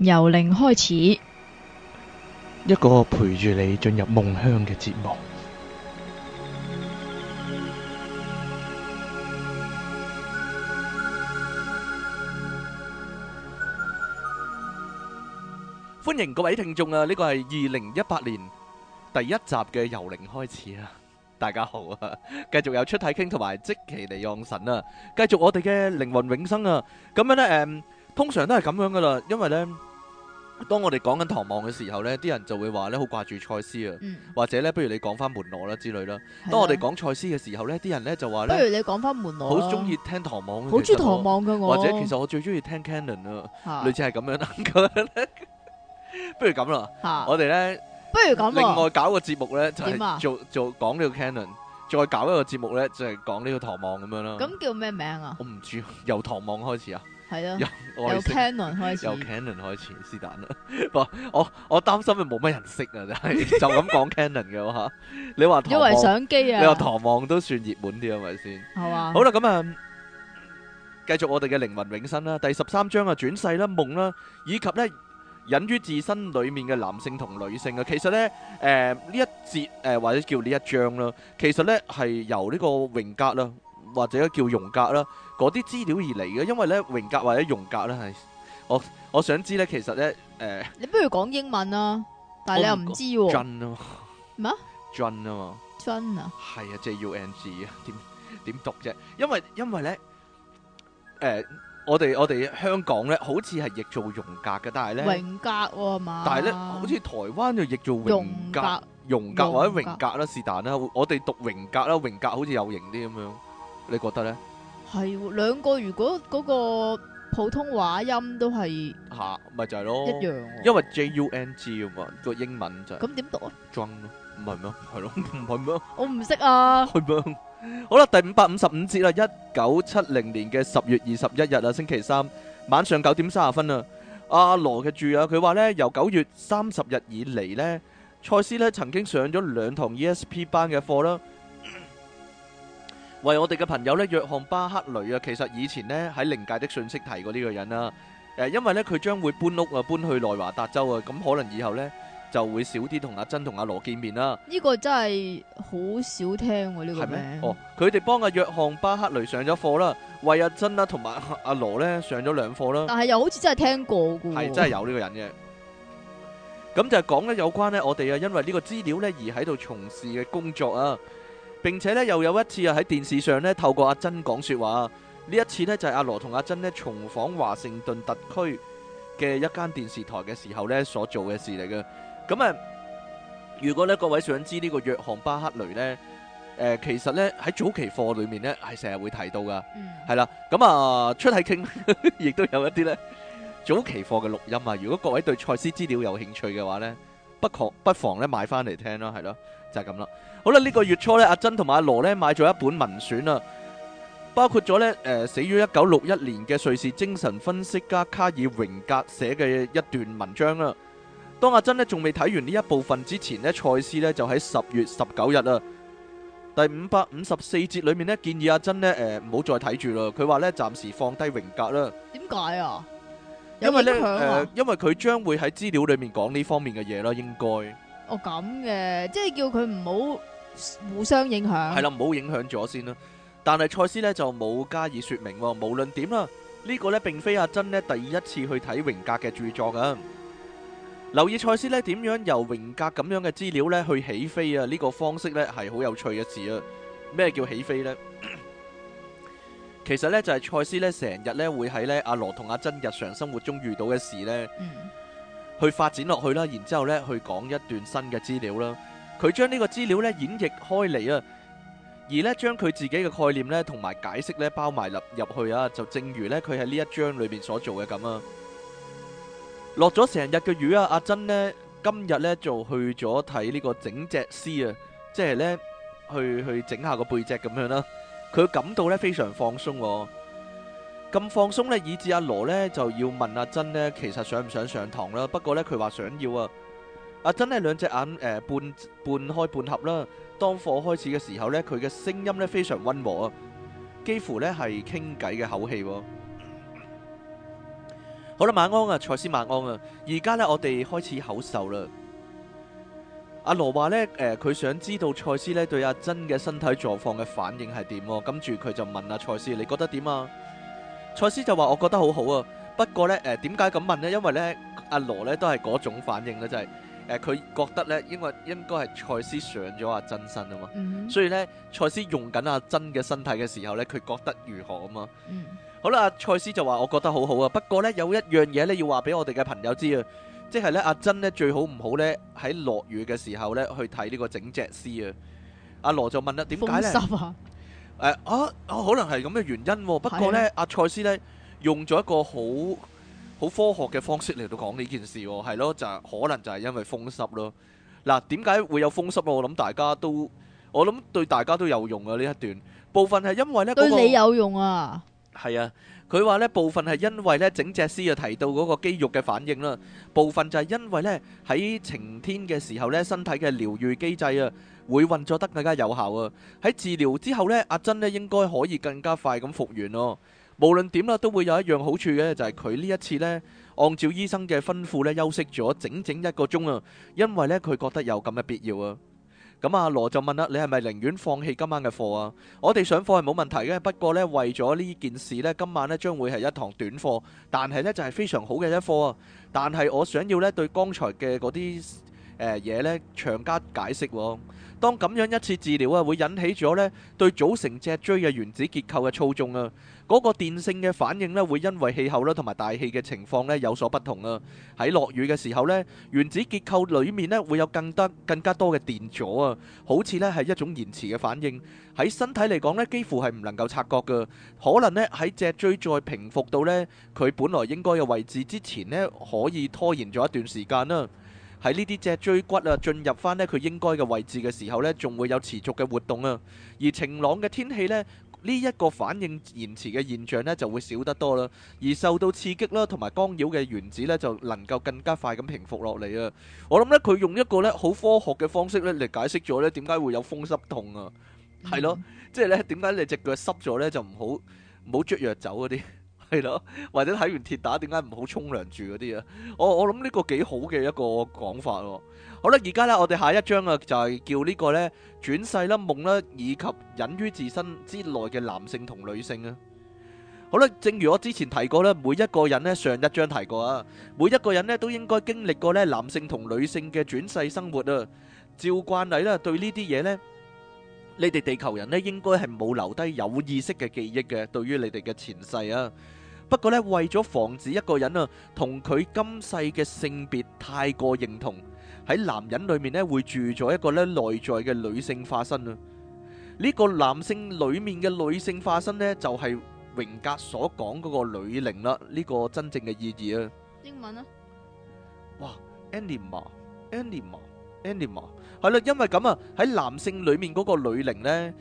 由零開始，一個陪住你進入夢鄉嘅節目。歡迎各位聽眾啊！呢個係二零一八年第一集嘅由零開始啊！大家好啊！繼續有出體傾同埋即期嚟養神啊！繼續我哋嘅靈魂永生啊！咁樣呢，誒，通常都係咁樣噶啦，因為呢。當我哋講緊唐望嘅時候呢，啲人就會話咧，好掛住賽斯啊，或者咧，不如你講翻門羅啦之類啦。當我哋講賽斯嘅時候呢，啲人咧就話咧，不如你講翻門羅，好中意聽唐望，好中意唐望嘅我，或者其實我最中意聽 Canon 啊，類似係咁樣啦。不如咁啦，我哋咧不如咁，另外搞個節目咧就係做做講呢個 Canon，再搞一個節目咧就係講呢個唐望咁樣啦。咁叫咩名啊？我唔知，由唐望開始啊。係咯，由 Canon 開始。由 Canon 開始，是但啦。不，我我擔心佢，冇乜人識啊。就係就咁講 Canon 嘅，我嚇。你話因為相機啊，你話唐望都算熱門啲，係咪先？好啊。好啦，咁啊，繼續我哋嘅靈魂永生啦。第十三章啊，轉世啦，夢啦，以及咧隱於自身裡面嘅男性同女性啊。其實咧，誒呢一節誒或者叫呢一章啦，其實咧係由呢個榮格啦。或者叫容格啦，嗰啲資料而嚟嘅，因為咧榮格或者容格咧係，我我想知咧，其實咧誒，你不如講英文啊，但係你又唔知喎，Jung 啊嘛，Jung 啊嘛，Jung 啊，係啊，即係 J U N G 啊，點點讀啫？因為因為咧誒，我哋我哋香港咧好似係譯做容格嘅，但係咧榮格嘛，但係咧好似台灣就譯做榮格，容格或者榮格啦，是但啦，我哋讀榮格啦，榮格好似有型啲咁樣。你覺得咧？係兩個，如果嗰個普通話音都係吓，咪就係咯，一樣。因為 J U N G 啊，個英文就係咁點讀啊？Jun 咯，唔係咩？係咯，唔係咩？我唔識啊。係咩？好啦，第五百五十五節啦，一九七零年嘅十月二十一日啊，星期三晚上九點三十分啊。阿羅嘅注啊，佢話咧由九月三十日以嚟，咧賽斯咧曾經上咗兩堂 E S P 班嘅課啦。為我哋嘅朋友咧，約翰巴克雷啊，其實以前咧喺靈界的信息提過呢個人啦。誒，因為咧佢將會搬屋啊，搬去內華達州啊，咁可能以後咧就會少啲同阿珍同阿羅見面啦。呢個真係好少聽喎、啊，呢個名。哦，佢哋幫阿約翰巴克雷上咗課啦，為阿珍啦同埋阿羅咧上咗兩課啦。但係又好似真係聽過嘅、啊。係真係有呢個人嘅。咁就講咧有關咧我哋啊，因為呢個資料咧而喺度從事嘅工作啊。並且咧又有一次啊喺電視上咧透過阿珍講說話，呢一次咧就係、是、阿羅同阿珍咧重訪華盛頓特區嘅一間電視台嘅時候咧所做嘅事嚟嘅。咁啊，如果咧各位想知呢個約翰巴克雷呢，誒、呃、其實呢喺早期課裡面呢係成日會提到噶，係啦、嗯。咁啊出係傾亦都有一啲咧早期課嘅錄音啊。如果各位對賽斯資料有興趣嘅話呢，不妨不妨咧買翻嚟聽咯，係咯，就係咁啦。好啦，呢個月初咧，阿珍同埋阿羅咧買咗一本文選啊，包括咗咧誒死於一九六一年嘅瑞士精神分析家卡爾榮格寫嘅一段文章啦。當阿珍咧仲未睇完呢一部分之前咧，賽斯咧就喺十月十九日啊，第五百五十四節裏面咧建議阿珍咧誒唔好再睇住啦。佢話咧暫時放低榮格啦。點解啊？因為咧誒，因為佢將會喺資料裏面講呢方面嘅嘢啦，應該。哦，咁嘅，即係叫佢唔好互相影響。係啦，唔好影響咗先啦。但係賽斯呢就冇加以說明，哦。無論點啦，呢個呢並非阿珍呢第一次去睇榮格嘅著作啊。留意賽斯呢點樣由榮格咁樣嘅資料呢去起飛啊？呢個方式呢係好有趣嘅事啊！咩叫起飛呢？ 其實呢就係賽斯呢成日呢會喺呢阿羅同阿珍日常生活中遇到嘅事呢。嗯去發展落去啦，然之後呢，去講一段新嘅資料啦。佢將呢個資料呢演繹開嚟啊，而呢，將佢自己嘅概念呢同埋解釋呢包埋入入去啊，就正如呢，佢喺呢一章裏面所做嘅咁啊。落咗成日嘅雨啊，阿珍呢今日呢就去咗睇呢個整脊師啊，即係呢，去整 C，呢去，去整下個背脊咁樣啦。佢感到呢非常放鬆喎、啊。咁放鬆呢，以致阿羅呢就要問阿珍呢其實想唔想上堂啦？不過呢，佢話想要啊。阿珍呢兩隻眼誒、呃、半半開半合啦。當課開始嘅時候呢，佢嘅聲音呢非常溫和啊，幾乎呢係傾偈嘅口氣、啊。 好啦，晚安啊，賽斯晚安啊。而家呢，我哋開始口授啦。阿羅話呢，誒、呃，佢想知道賽斯呢對阿珍嘅身體狀況嘅反應係點、啊？咁住佢就問阿、啊、賽斯，你覺得點啊？蔡斯就話：我覺得好好啊，不過呢，誒、呃，點解咁問呢？因為呢，阿羅呢都係嗰種反應呢，就係、是，誒、呃，佢覺得呢，因為應該係蔡斯上咗阿珍身啊嘛，嗯、哼所以呢，蔡斯用緊阿珍嘅身體嘅時候呢，佢覺得如何啊嘛？嗯、好啦，蔡、啊、斯就話：我覺得好好啊，不過呢，有一樣嘢呢，要話俾我哋嘅朋友知啊，即、就、係、是、呢，阿珍呢最好唔好呢，喺落雨嘅時候呢，去睇呢個整隻屍啊。阿羅就問啦：點解呢？」誒、啊啊，可能係咁嘅原因啊。的不過呢，阿賽斯呢，用咗一個好好科學嘅方式嚟到講呢件事，啊，係咯，就可能就係因為風濕咯。嗱、啊，點解會有風濕咯？我諗大家都，我諗對大家都有用啊。呢一段部分係因為呢，那個，對你有用啊。係啊。佢話咧，部分係因為咧整隻屍啊提到嗰個肌肉嘅反應啦，部分就係因為咧喺晴天嘅時候咧，身體嘅療愈機制啊會運作得更加有效啊！喺治療之後咧，阿珍咧應該可以更加快咁復原咯。無論點啦，都會有一樣好處嘅就係佢呢一次咧，按照醫生嘅吩咐咧休息咗整整一個鐘啊，因為咧佢覺得有咁嘅必要啊。咁阿、嗯啊、羅就問啦，你係咪寧願放棄今晚嘅課啊？我哋上課係冇問題嘅，不過呢，為咗呢件事呢，今晚呢將會係一堂短課，但係呢，就係、是、非常好嘅一課，啊。但係我想要呢，對剛才嘅嗰啲誒嘢呢，長加解釋，啊。當咁樣一次治療啊，會引起咗呢對組成脊椎嘅原子結構嘅操縱啊。嗰個電性嘅反應咧，會因為氣候咧同埋大氣嘅情況咧有所不同啊！喺落雨嘅時候咧，原子結構裡面咧會有更多、更加多嘅電阻啊，好似咧係一種延遲嘅反應。喺身體嚟講咧，幾乎係唔能夠察覺㗎。可能咧喺脊椎再平復到咧佢本來應該嘅位置之前咧，可以拖延咗一段時間啦。喺呢啲脊椎骨啊進入返咧佢應該嘅位置嘅時候咧，仲會有持續嘅活動啊。而晴朗嘅天氣咧，呢一個反應延遲嘅現象呢，就會少得多啦。而受到刺激啦，同埋干擾嘅原子呢，就能夠更加快咁平復落嚟啊！我諗呢，佢用一個呢好科學嘅方式呢嚟解釋咗呢，點解會有風濕痛啊。係咯、嗯，即係呢，點解你隻腳濕咗呢，就唔好唔好捽藥酒嗰啲，係咯，或者睇完鐵打點解唔好沖涼住嗰啲啊。我我諗呢個幾好嘅一個講法喎。好啦，而家咧，我哋下一章啊，就係叫呢個咧轉世啦、夢啦，以及隱於自身之內嘅男性同女性啊。好啦，正如我之前提過咧，每一個人咧上一章提過啊，每一個人咧都應該經歷過咧男性同女性嘅轉世生活啊。照慣例咧，對呢啲嘢咧，你哋地球人咧應該係冇留低有意識嘅記憶嘅，對於你哋嘅前世啊。不過咧，為咗防止一個人啊同佢今世嘅性別太過認同。喺男人裏面咧會住咗一個咧內在嘅女性化身啊！呢個男性裏面嘅女性化身咧就係榮格所講嗰個女靈啦，呢個真正嘅意義啊！英文啊，哇，Anima，Anima，Anima，係啦，因為咁啊，喺男性裏面嗰個女靈咧。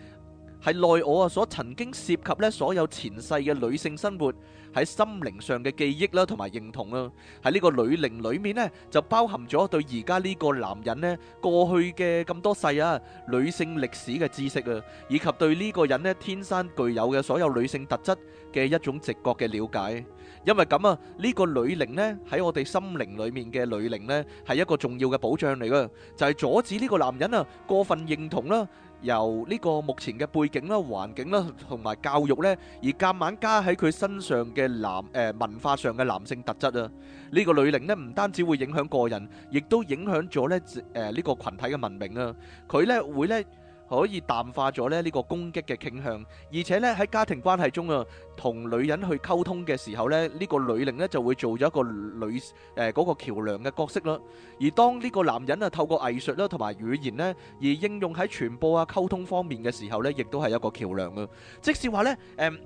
係內我啊，所曾經涉及咧，所有前世嘅女性生活喺心靈上嘅記憶啦，同埋認同啊，喺呢個女靈裏面咧，就包含咗對而家呢個男人咧過去嘅咁多世啊女性歷史嘅知識啊，以及對呢個人咧天生具有嘅所有女性特質嘅一種直覺嘅了解。因為咁啊，呢個女靈咧喺我哋心靈裏面嘅女靈咧，係一個重要嘅保障嚟嘅，就係阻止呢個男人啊過分認同啦。由呢個目前嘅背景啦、環境啦，同埋教育呢，而夾硬加喺佢身上嘅男誒、呃、文化上嘅男性特質啊，呢、呢個女領呢，唔單止會影響個人，亦都影響咗咧誒呢個群體嘅文明啊，佢呢會呢。可以淡化咗咧呢個攻擊嘅傾向，而且咧喺家庭關係中啊，同女人去溝通嘅時候咧，呢、呢個女靈咧就會做咗一個女誒嗰、呃嗰個橋梁嘅角色咯。而當呢個男人啊透過藝術啦同埋語言咧，而應用喺傳播啊溝通方面嘅時候咧，亦都係一個橋梁啊。即使話咧誒，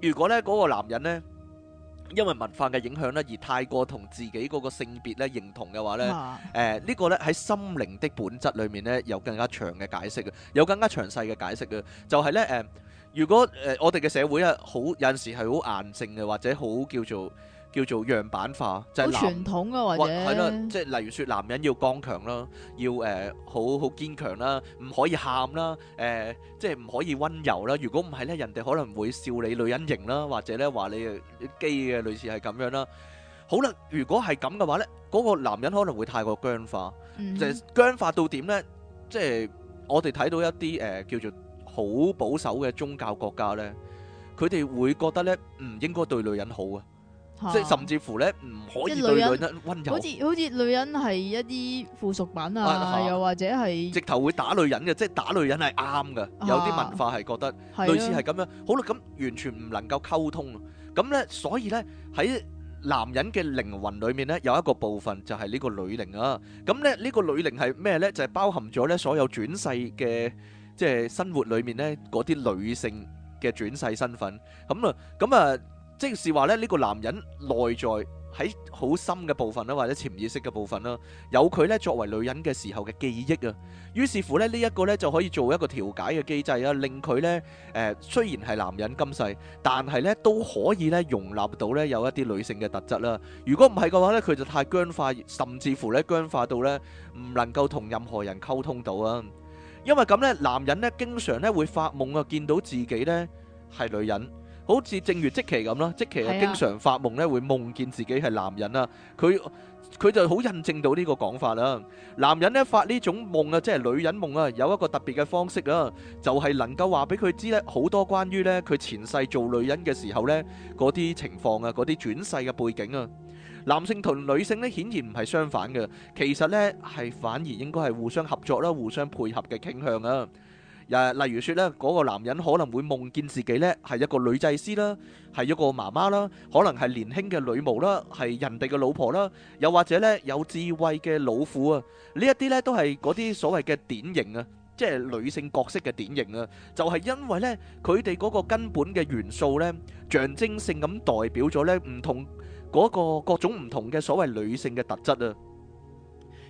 如果咧嗰個男人咧。因為文化嘅影響咧，而太過同自己嗰個性別咧認同嘅話咧，誒呢、啊呃這個咧喺心靈的本質裏面咧有更加長嘅解釋嘅，有更加詳細嘅解釋嘅，就係咧誒，如果誒、呃、我哋嘅社會啊好有陣時係好硬性嘅，或者好叫做。叫做樣板化，就係、係、好傳統嘅或，或者，即係例如説，男人要剛強啦，要誒好好堅強啦，唔可以喊啦，誒、呃、即係唔可以温柔啦。如果唔係咧，人哋可能會笑你女人型啦，或者咧話你 gay 嘅類似係咁樣啦。好啦，如果係咁嘅話咧，嗰、嗰個男人可能會太過僵化，mm hmm. 就係僵化到點咧？即係我哋睇到一啲誒、呃、叫做好保守嘅宗教國家咧，佢哋會覺得咧唔應該對女人好啊。即係甚至乎咧，唔可以對女人温柔。好似好似女人係一啲附屬品啊，係又或者係直頭會打女人嘅，即係打女人係啱嘅。有啲文化係覺得類似係咁樣。好啦，咁完全唔能夠溝通。咁咧，所以咧喺男人嘅靈魂裡面咧，有一個部分就係呢個女靈啊。咁咧，呢個女靈係咩咧？就係包含咗咧所有轉世嘅即係生活裡面咧嗰啲女性嘅轉世身份。咁啊，咁啊。即是話咧，呢個男人內在喺好深嘅部分啦，或者潛意識嘅部分啦，有佢咧作為女人嘅時候嘅記憶啊。於是乎咧，呢一個咧就可以做一個調解嘅機制啊，令佢咧誒雖然係男人今世，但係咧都可以咧容納到咧有一啲女性嘅特質啦。如果唔係嘅話咧，佢就太僵化，甚至乎咧僵化到咧唔能夠同任何人溝通到啊。因為咁咧，男人咧經常咧會發夢啊，見到自己咧係女人。好似正如即期咁啦，即期啊，經常發夢咧，會夢見自己係男人啦。佢佢就好印證到呢個講法啦。男人咧發呢種夢啊，即係女人夢啊，有一個特別嘅方式啊，就係能夠話俾佢知咧好多關於咧佢前世做女人嘅時候咧嗰啲情況啊，嗰啲轉世嘅背景啊。男性同女性咧，顯然唔係相反嘅，其實咧係反而應該係互相合作啦，互相配合嘅傾向啊。誒，例如說咧，嗰個男人可能會夢見自己咧係一個女祭司啦，係一個媽媽啦，可能係年輕嘅女巫啦，係人哋嘅老婆啦，又或者咧有智慧嘅老婦啊，呢一啲咧都係嗰啲所謂嘅典型啊，即係女性角色嘅典型啊，就係因為咧佢哋嗰個根本嘅元素咧，象徵性咁代表咗咧唔同嗰個各種唔同嘅所謂女性嘅特質啊。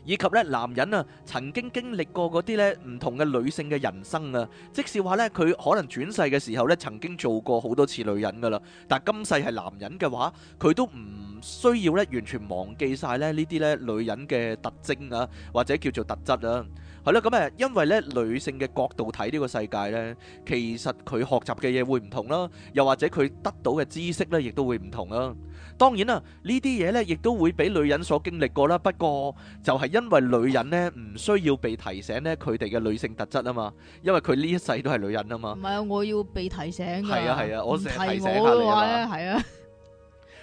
以及咧男人啊，曾經經歷過嗰啲咧唔同嘅女性嘅人生啊，即使話咧佢可能轉世嘅時候咧曾經做過好多次女人噶啦，但今世係男人嘅話，佢都唔需要咧完全忘記晒咧呢啲咧女人嘅特徵啊，或者叫做特質啊。係啦，咁誒，因為咧女性嘅角度睇呢個世界咧，其實佢學習嘅嘢會唔同啦，又或者佢得到嘅知識咧，亦都會唔同啦。當然啦，呢啲嘢咧，亦都會俾女人所經歷過啦。不過就係因為女人咧，唔需要被提醒咧，佢哋嘅女性特質啊嘛，因為佢呢一世都係女人啊嘛。唔係啊，我要被提醒嘅。係啊係啊，我成日提醒下你啊，係啊。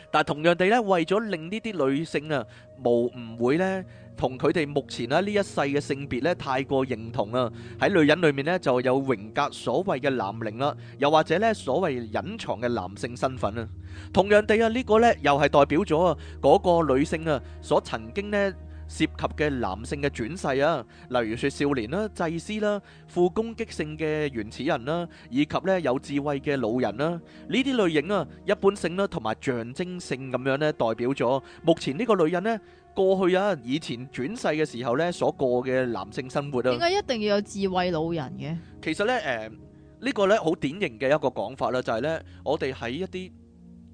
但係同樣地咧，為咗令呢啲女性啊，無唔會咧，同佢哋目前咧呢一世嘅性別咧，太過認同啊！喺女人裏面咧，就有榮格所謂嘅男靈啦，又或者咧所謂隱藏嘅男性身份啊。同樣地啊，呢個咧又係代表咗嗰個女性啊所曾經咧涉及嘅男性嘅轉世啊，例如説少年啦、祭司啦、富攻擊性嘅原始人啦，以及咧有智慧嘅老人啦，呢啲類型啊，一般性啦，同埋象徵性咁樣咧，代表咗目前呢個女人咧，過去啊，以前轉世嘅時候咧，所過嘅男性生活啊，點解一定要有智慧老人嘅？其實咧，誒、呃、呢、呢個咧好典型嘅一個講法啦，就係咧，我哋喺一啲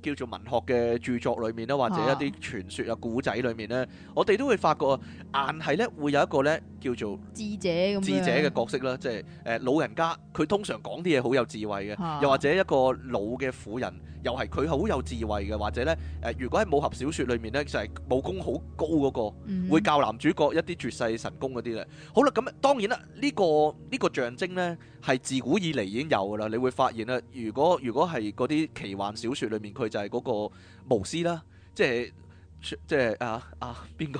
叫做文學嘅著作裏面啦，或者一啲傳說故啊、古仔裏面咧，我哋都會發覺硬呢，硬係咧會有一個咧叫做智者咁智者嘅角色啦，啊、即係誒、呃、老人家，佢通常講啲嘢好有智慧嘅，又或者一個老嘅婦人。又係佢好有智慧嘅，或者呢，誒、呃，如果喺武俠小說裏面呢，就係、是、武功好高嗰、那個，mm hmm. 會教男主角一啲絕世神功嗰啲咧。好啦，咁啊，當然啦，呢、這個呢、這個象徵呢，係自古以嚟已經有噶啦。你會發現咧，如果如果係嗰啲奇幻小說裏面，佢就係嗰個巫師啦，即係即係啊啊邊個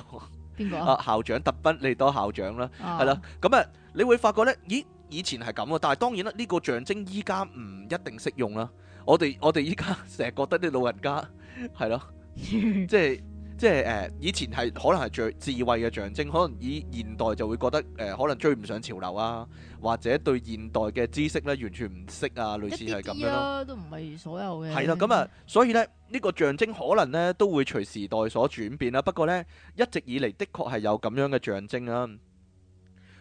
邊個啊，校長特賓你哋都校長啦，係、啊、啦，咁啊，你會發覺呢，咦，以前係咁，但係當然啦，呢、這個象徵依家唔一定適用啦。我哋我哋依家成日覺得啲老人家係咯， 即係即係誒，以前係可能係最智慧嘅象徵，可能以現代就會覺得誒、呃，可能追唔上潮流啊，或者對現代嘅知識咧完全唔識啊，類似係咁樣咯，點點啊、都唔係所有嘅係啦。咁啊，所以咧呢、呢個象徵可能咧都會隨時代所轉變啦、啊。不過咧一直以嚟的確係有咁樣嘅象徵啊。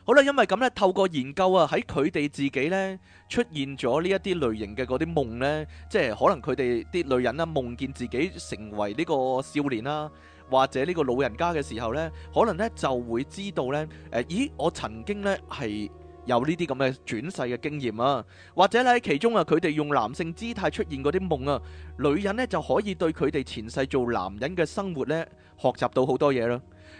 好啦，因為咁咧，透過研究啊，喺佢哋自己咧出現咗呢一啲類型嘅嗰啲夢咧，即係可能佢哋啲女人啊夢見自己成為呢個少年啦，或者呢個老人家嘅時候咧，可能咧就會知道咧，誒、呃，咦，我曾經咧係有呢啲咁嘅轉世嘅經驗啊，或者咧其中啊，佢哋用男性姿態出現嗰啲夢啊，女人咧就可以對佢哋前世做男人嘅生活咧學習到好多嘢囉。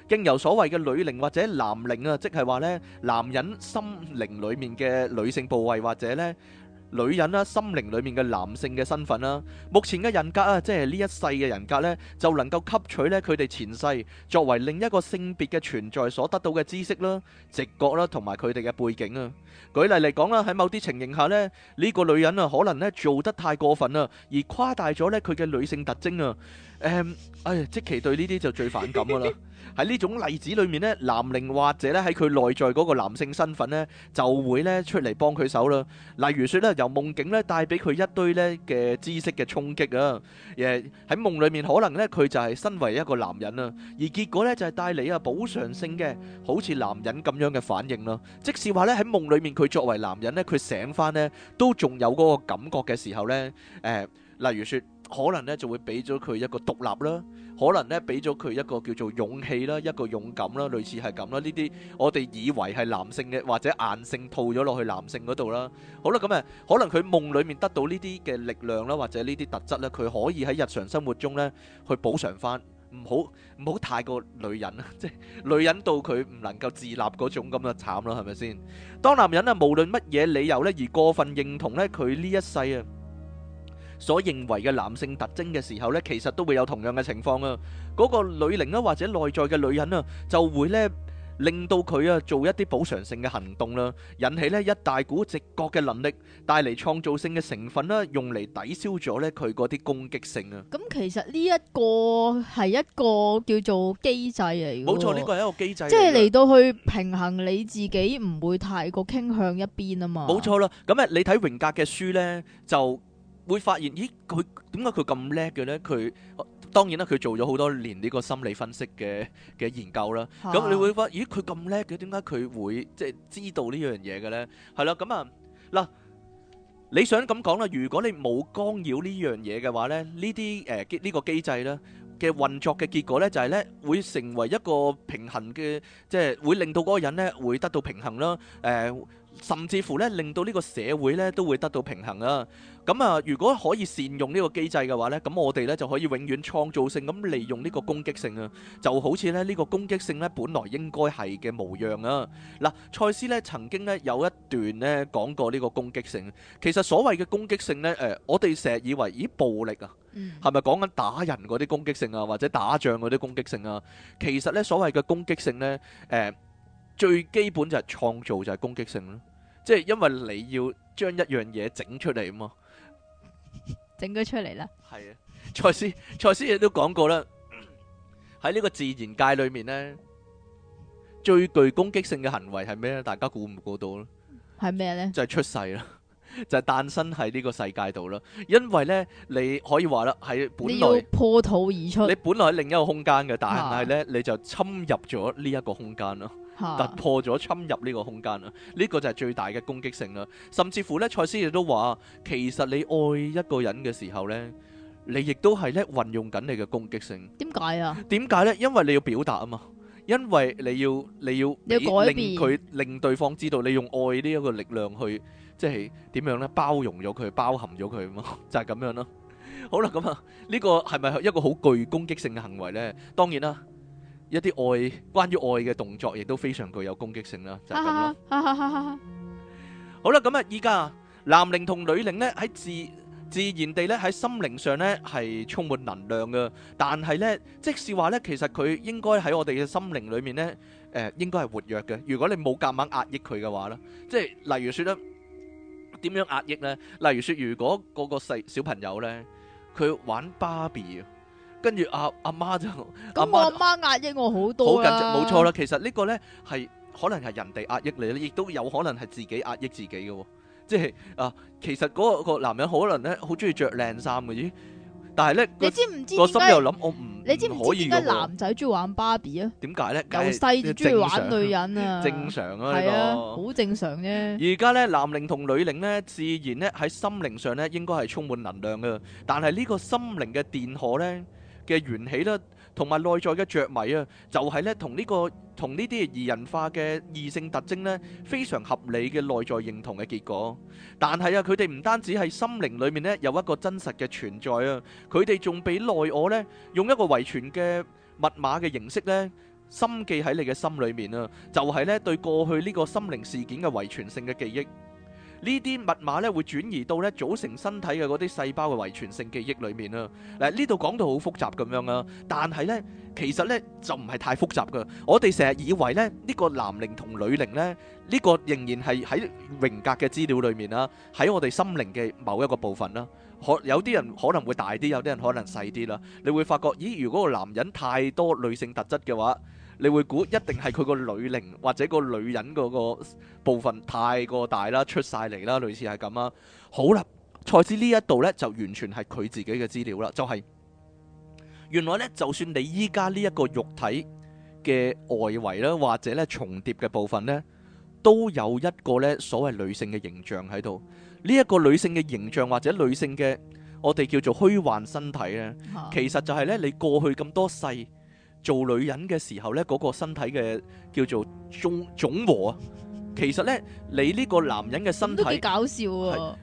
經由所謂嘅女靈或者男靈啊，即係話咧男人心靈裏面嘅女性部位，或者咧女人啦心靈裏面嘅男性嘅身份啦，目前嘅人格啊，即係呢一世嘅人格咧，就能夠吸取咧佢哋前世作為另一個性別嘅存在所得到嘅知識啦、直覺啦同埋佢哋嘅背景啊。舉例嚟講啦，喺某啲情形下咧，呢個女人啊可能咧做得太過分啊，而誇大咗咧佢嘅女性特徵啊。誒，哎，即其對呢啲就最反感噶啦。喺呢種例子裏面咧，男靈或者咧喺佢內在嗰個男性身份咧，就會咧出嚟幫佢手啦。例如說咧，由夢境咧帶俾佢一堆咧嘅知識嘅衝擊啊。誒，喺夢裏面可能咧佢就係身為一個男人啊，而結果咧就係帶嚟啊補償性嘅，好似男人咁樣嘅反應啦。即使話咧喺夢裏面佢作為男人咧，佢醒翻咧都仲有嗰個感覺嘅時候咧，誒，例如說。可能咧就會俾咗佢一個獨立啦，可能咧俾咗佢一個叫做勇氣啦，一個勇敢啦，類似係咁啦。呢啲我哋以為係男性嘅或者硬性套咗落去男性嗰度啦。好啦，咁誒，可能佢夢裏面得到呢啲嘅力量啦，或者呢啲特質咧，佢可以喺日常生活中咧去補償返，唔好唔好太過女人，即係女人到佢唔能夠自立嗰種咁啊慘啦，係咪先？當男人啊，無論乜嘢理由咧，而過分認同咧佢呢一世啊，所認為嘅男性特徵嘅時候咧，其實都會有同樣嘅情況啊！嗰個女靈啊，或者內在嘅女人啊，就會咧令到佢啊做一啲補償性嘅行動啦，引起咧一大股直覺嘅能力，帶嚟創造性嘅成分啦，用嚟抵消咗咧佢嗰啲攻擊性啊！咁其實呢一個係一個叫做機制嚟嘅，冇錯，呢個係一個機制嚟嘅，即係嚟到去平衡你自己唔會太過傾向一邊啊嘛！冇錯啦，咁誒，你睇榮格嘅書咧就會發現，咦？佢點解佢咁叻嘅咧？佢當然啦，佢做咗好多年呢個心理分析嘅嘅研究啦。咁你會發現，咦？佢咁叻嘅，點解佢會即係知道呢樣嘢嘅咧？係啦，咁啊嗱，你想咁講啦。如果你冇干擾呢樣嘢嘅話咧，呢啲誒呢個機制咧嘅運作嘅結果咧，就係咧會成為一個平衡嘅，即係會令到嗰個人咧會得到平衡啦。誒。甚至乎咧，令到呢個社會咧都會得到平衡啊！咁啊，如果可以善用呢個機制嘅話咧，咁我哋咧就可以永遠創造性咁利用呢個攻擊性啊！就好似咧呢個攻擊性咧，本來應該係嘅模樣啊！嗱，賽斯咧曾經咧有一段咧講過呢個攻擊性，其實所謂嘅攻擊性咧，誒，我哋成日以為，咦，暴力啊，係咪講緊打人嗰啲攻擊性啊，或者打仗嗰啲攻擊性啊？其實咧，所謂嘅攻擊性咧，誒。最基本就係創造就係、是、攻擊性咯，即係因為你要將一樣嘢整出嚟啊嘛，整咗 出嚟啦的。係啊， 賽斯，賽斯亦都講過啦，喺呢個自然界裏面咧，最具攻擊性嘅行為係咩咧？大家估唔估到咧？係咩咧？就係出世啦，就係誕生喺呢個世界度啦。因為咧，你可以話啦，喺本來破土而出，你本來喺另一個空間嘅，但係咧， 你就侵入咗呢一個空間咯。突破咗侵入呢個空間啊！呢個就係最大嘅攻擊性啦。甚至乎咧，賽斯亦都話，其實你愛一個人嘅時候咧，你亦都係咧運用緊你嘅攻擊性。點解啊？點解咧？因為你要表達啊嘛，因為你要你要你令佢令對方知道你用愛呢一個力量去，即係點樣咧，包容咗佢，包含咗佢啊嘛，就係咁樣咯。好啦，咁啊，呢個係咪一個好具攻擊性嘅行為咧？當然啦。一啲愛，關於愛嘅動作亦都非常具有攻擊性啦，就係咁樣。 好啦，咁啊，依家男靈同女靈咧，喺自自然地咧喺心靈上咧係充滿能量噶，但係咧，即使話咧，其實佢應該喺我哋嘅心靈裏面咧，誒、呃，應該係活躍嘅。如果你冇夾硬壓抑佢嘅話咧，即係例如說咧，點樣壓抑咧？例如說，如果嗰個細小，小朋友咧，佢玩芭比。跟住阿阿媽就，咁我阿媽壓抑我好多好緊張，冇錯啦。其實個呢個咧係可能係人哋壓抑你，亦都有可能係自己壓抑自己嘅。即係啊，其實嗰個男人可能咧好中意着靚衫嘅咦，但係咧你知唔知個心又諗我唔，你知唔知點解男仔中意玩芭比啊？點解咧？由細就中意玩女人啊，正常啊，呢、呢個好、啊、正常啫。而家咧男靈同女靈咧，自然咧喺心靈上咧應該係充滿能量嘅，但係呢個心靈嘅電荷咧，嘅緣起啦，同埋內在嘅着迷啊，就係咧同呢個同呢啲異人化嘅異性特徵咧，非常合理嘅內在認同嘅結果。但係啊，佢哋唔單止係心靈裏面咧有一個真實嘅存在啊，佢哋仲俾內我咧用一個遺傳嘅密碼嘅形式咧，深記喺你嘅心裏面啊，就係、是、咧對過去呢個心靈事件嘅遺傳性嘅記憶。呢啲密碼咧會轉移到咧組成身體嘅嗰啲細胞嘅遺傳性記憶裏面啦。嗱，呢度講到好複雜咁樣啦，但係呢，其實呢就唔係太複雜㗎。我哋成日以為咧呢個男靈同女靈呢，呢個仍然係喺榮格嘅資料裏面啦，喺我哋心靈嘅某一個部分啦。可有啲人可能會大啲，有啲人可能細啲啦。你會發覺，咦？如果個男人太多女性特質嘅話，你會估一定係佢個女靈或者個女人嗰個部分太過大啦，出晒嚟啦，類似係咁啦。好啦，賽斯呢一度呢，就完全係佢自己嘅資料啦，就係、是、原來呢，就算你依家呢一個肉體嘅外圍啦，或者咧重疊嘅部分呢，都有一個呢所謂女性嘅形象喺度。呢、這、一個女性嘅形象或者女性嘅我哋叫做虛幻身體咧，其實就係呢，你過去咁多世。做女人嘅時候咧，嗰、那個身體嘅叫做總總和啊，其實咧，你呢個男人嘅身體都幾搞笑啊！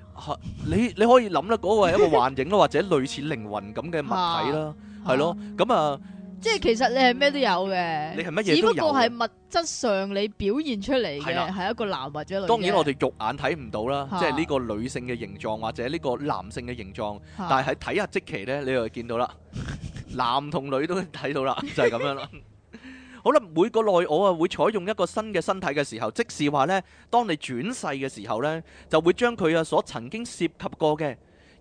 你你可以諗啦，嗰、那個係一個幻影啦， 或者類似靈魂咁嘅物體啦，係 咯，咁啊，即係其實你係咩都有嘅，你係乜嘢只不過係物質上你表現出嚟嘅係一個男或者女。當然我哋肉眼睇唔到啦， 即係呢個女性嘅形狀或者呢個男性嘅形狀， 但係喺睇下即期咧，你就見到啦。 男同女都睇到啦，就係、是、咁樣啦。 好啦，每個內我啊會採用一個新嘅身體嘅時候，即是話呢，當你轉世嘅時候呢，就會將佢啊所曾經涉及過嘅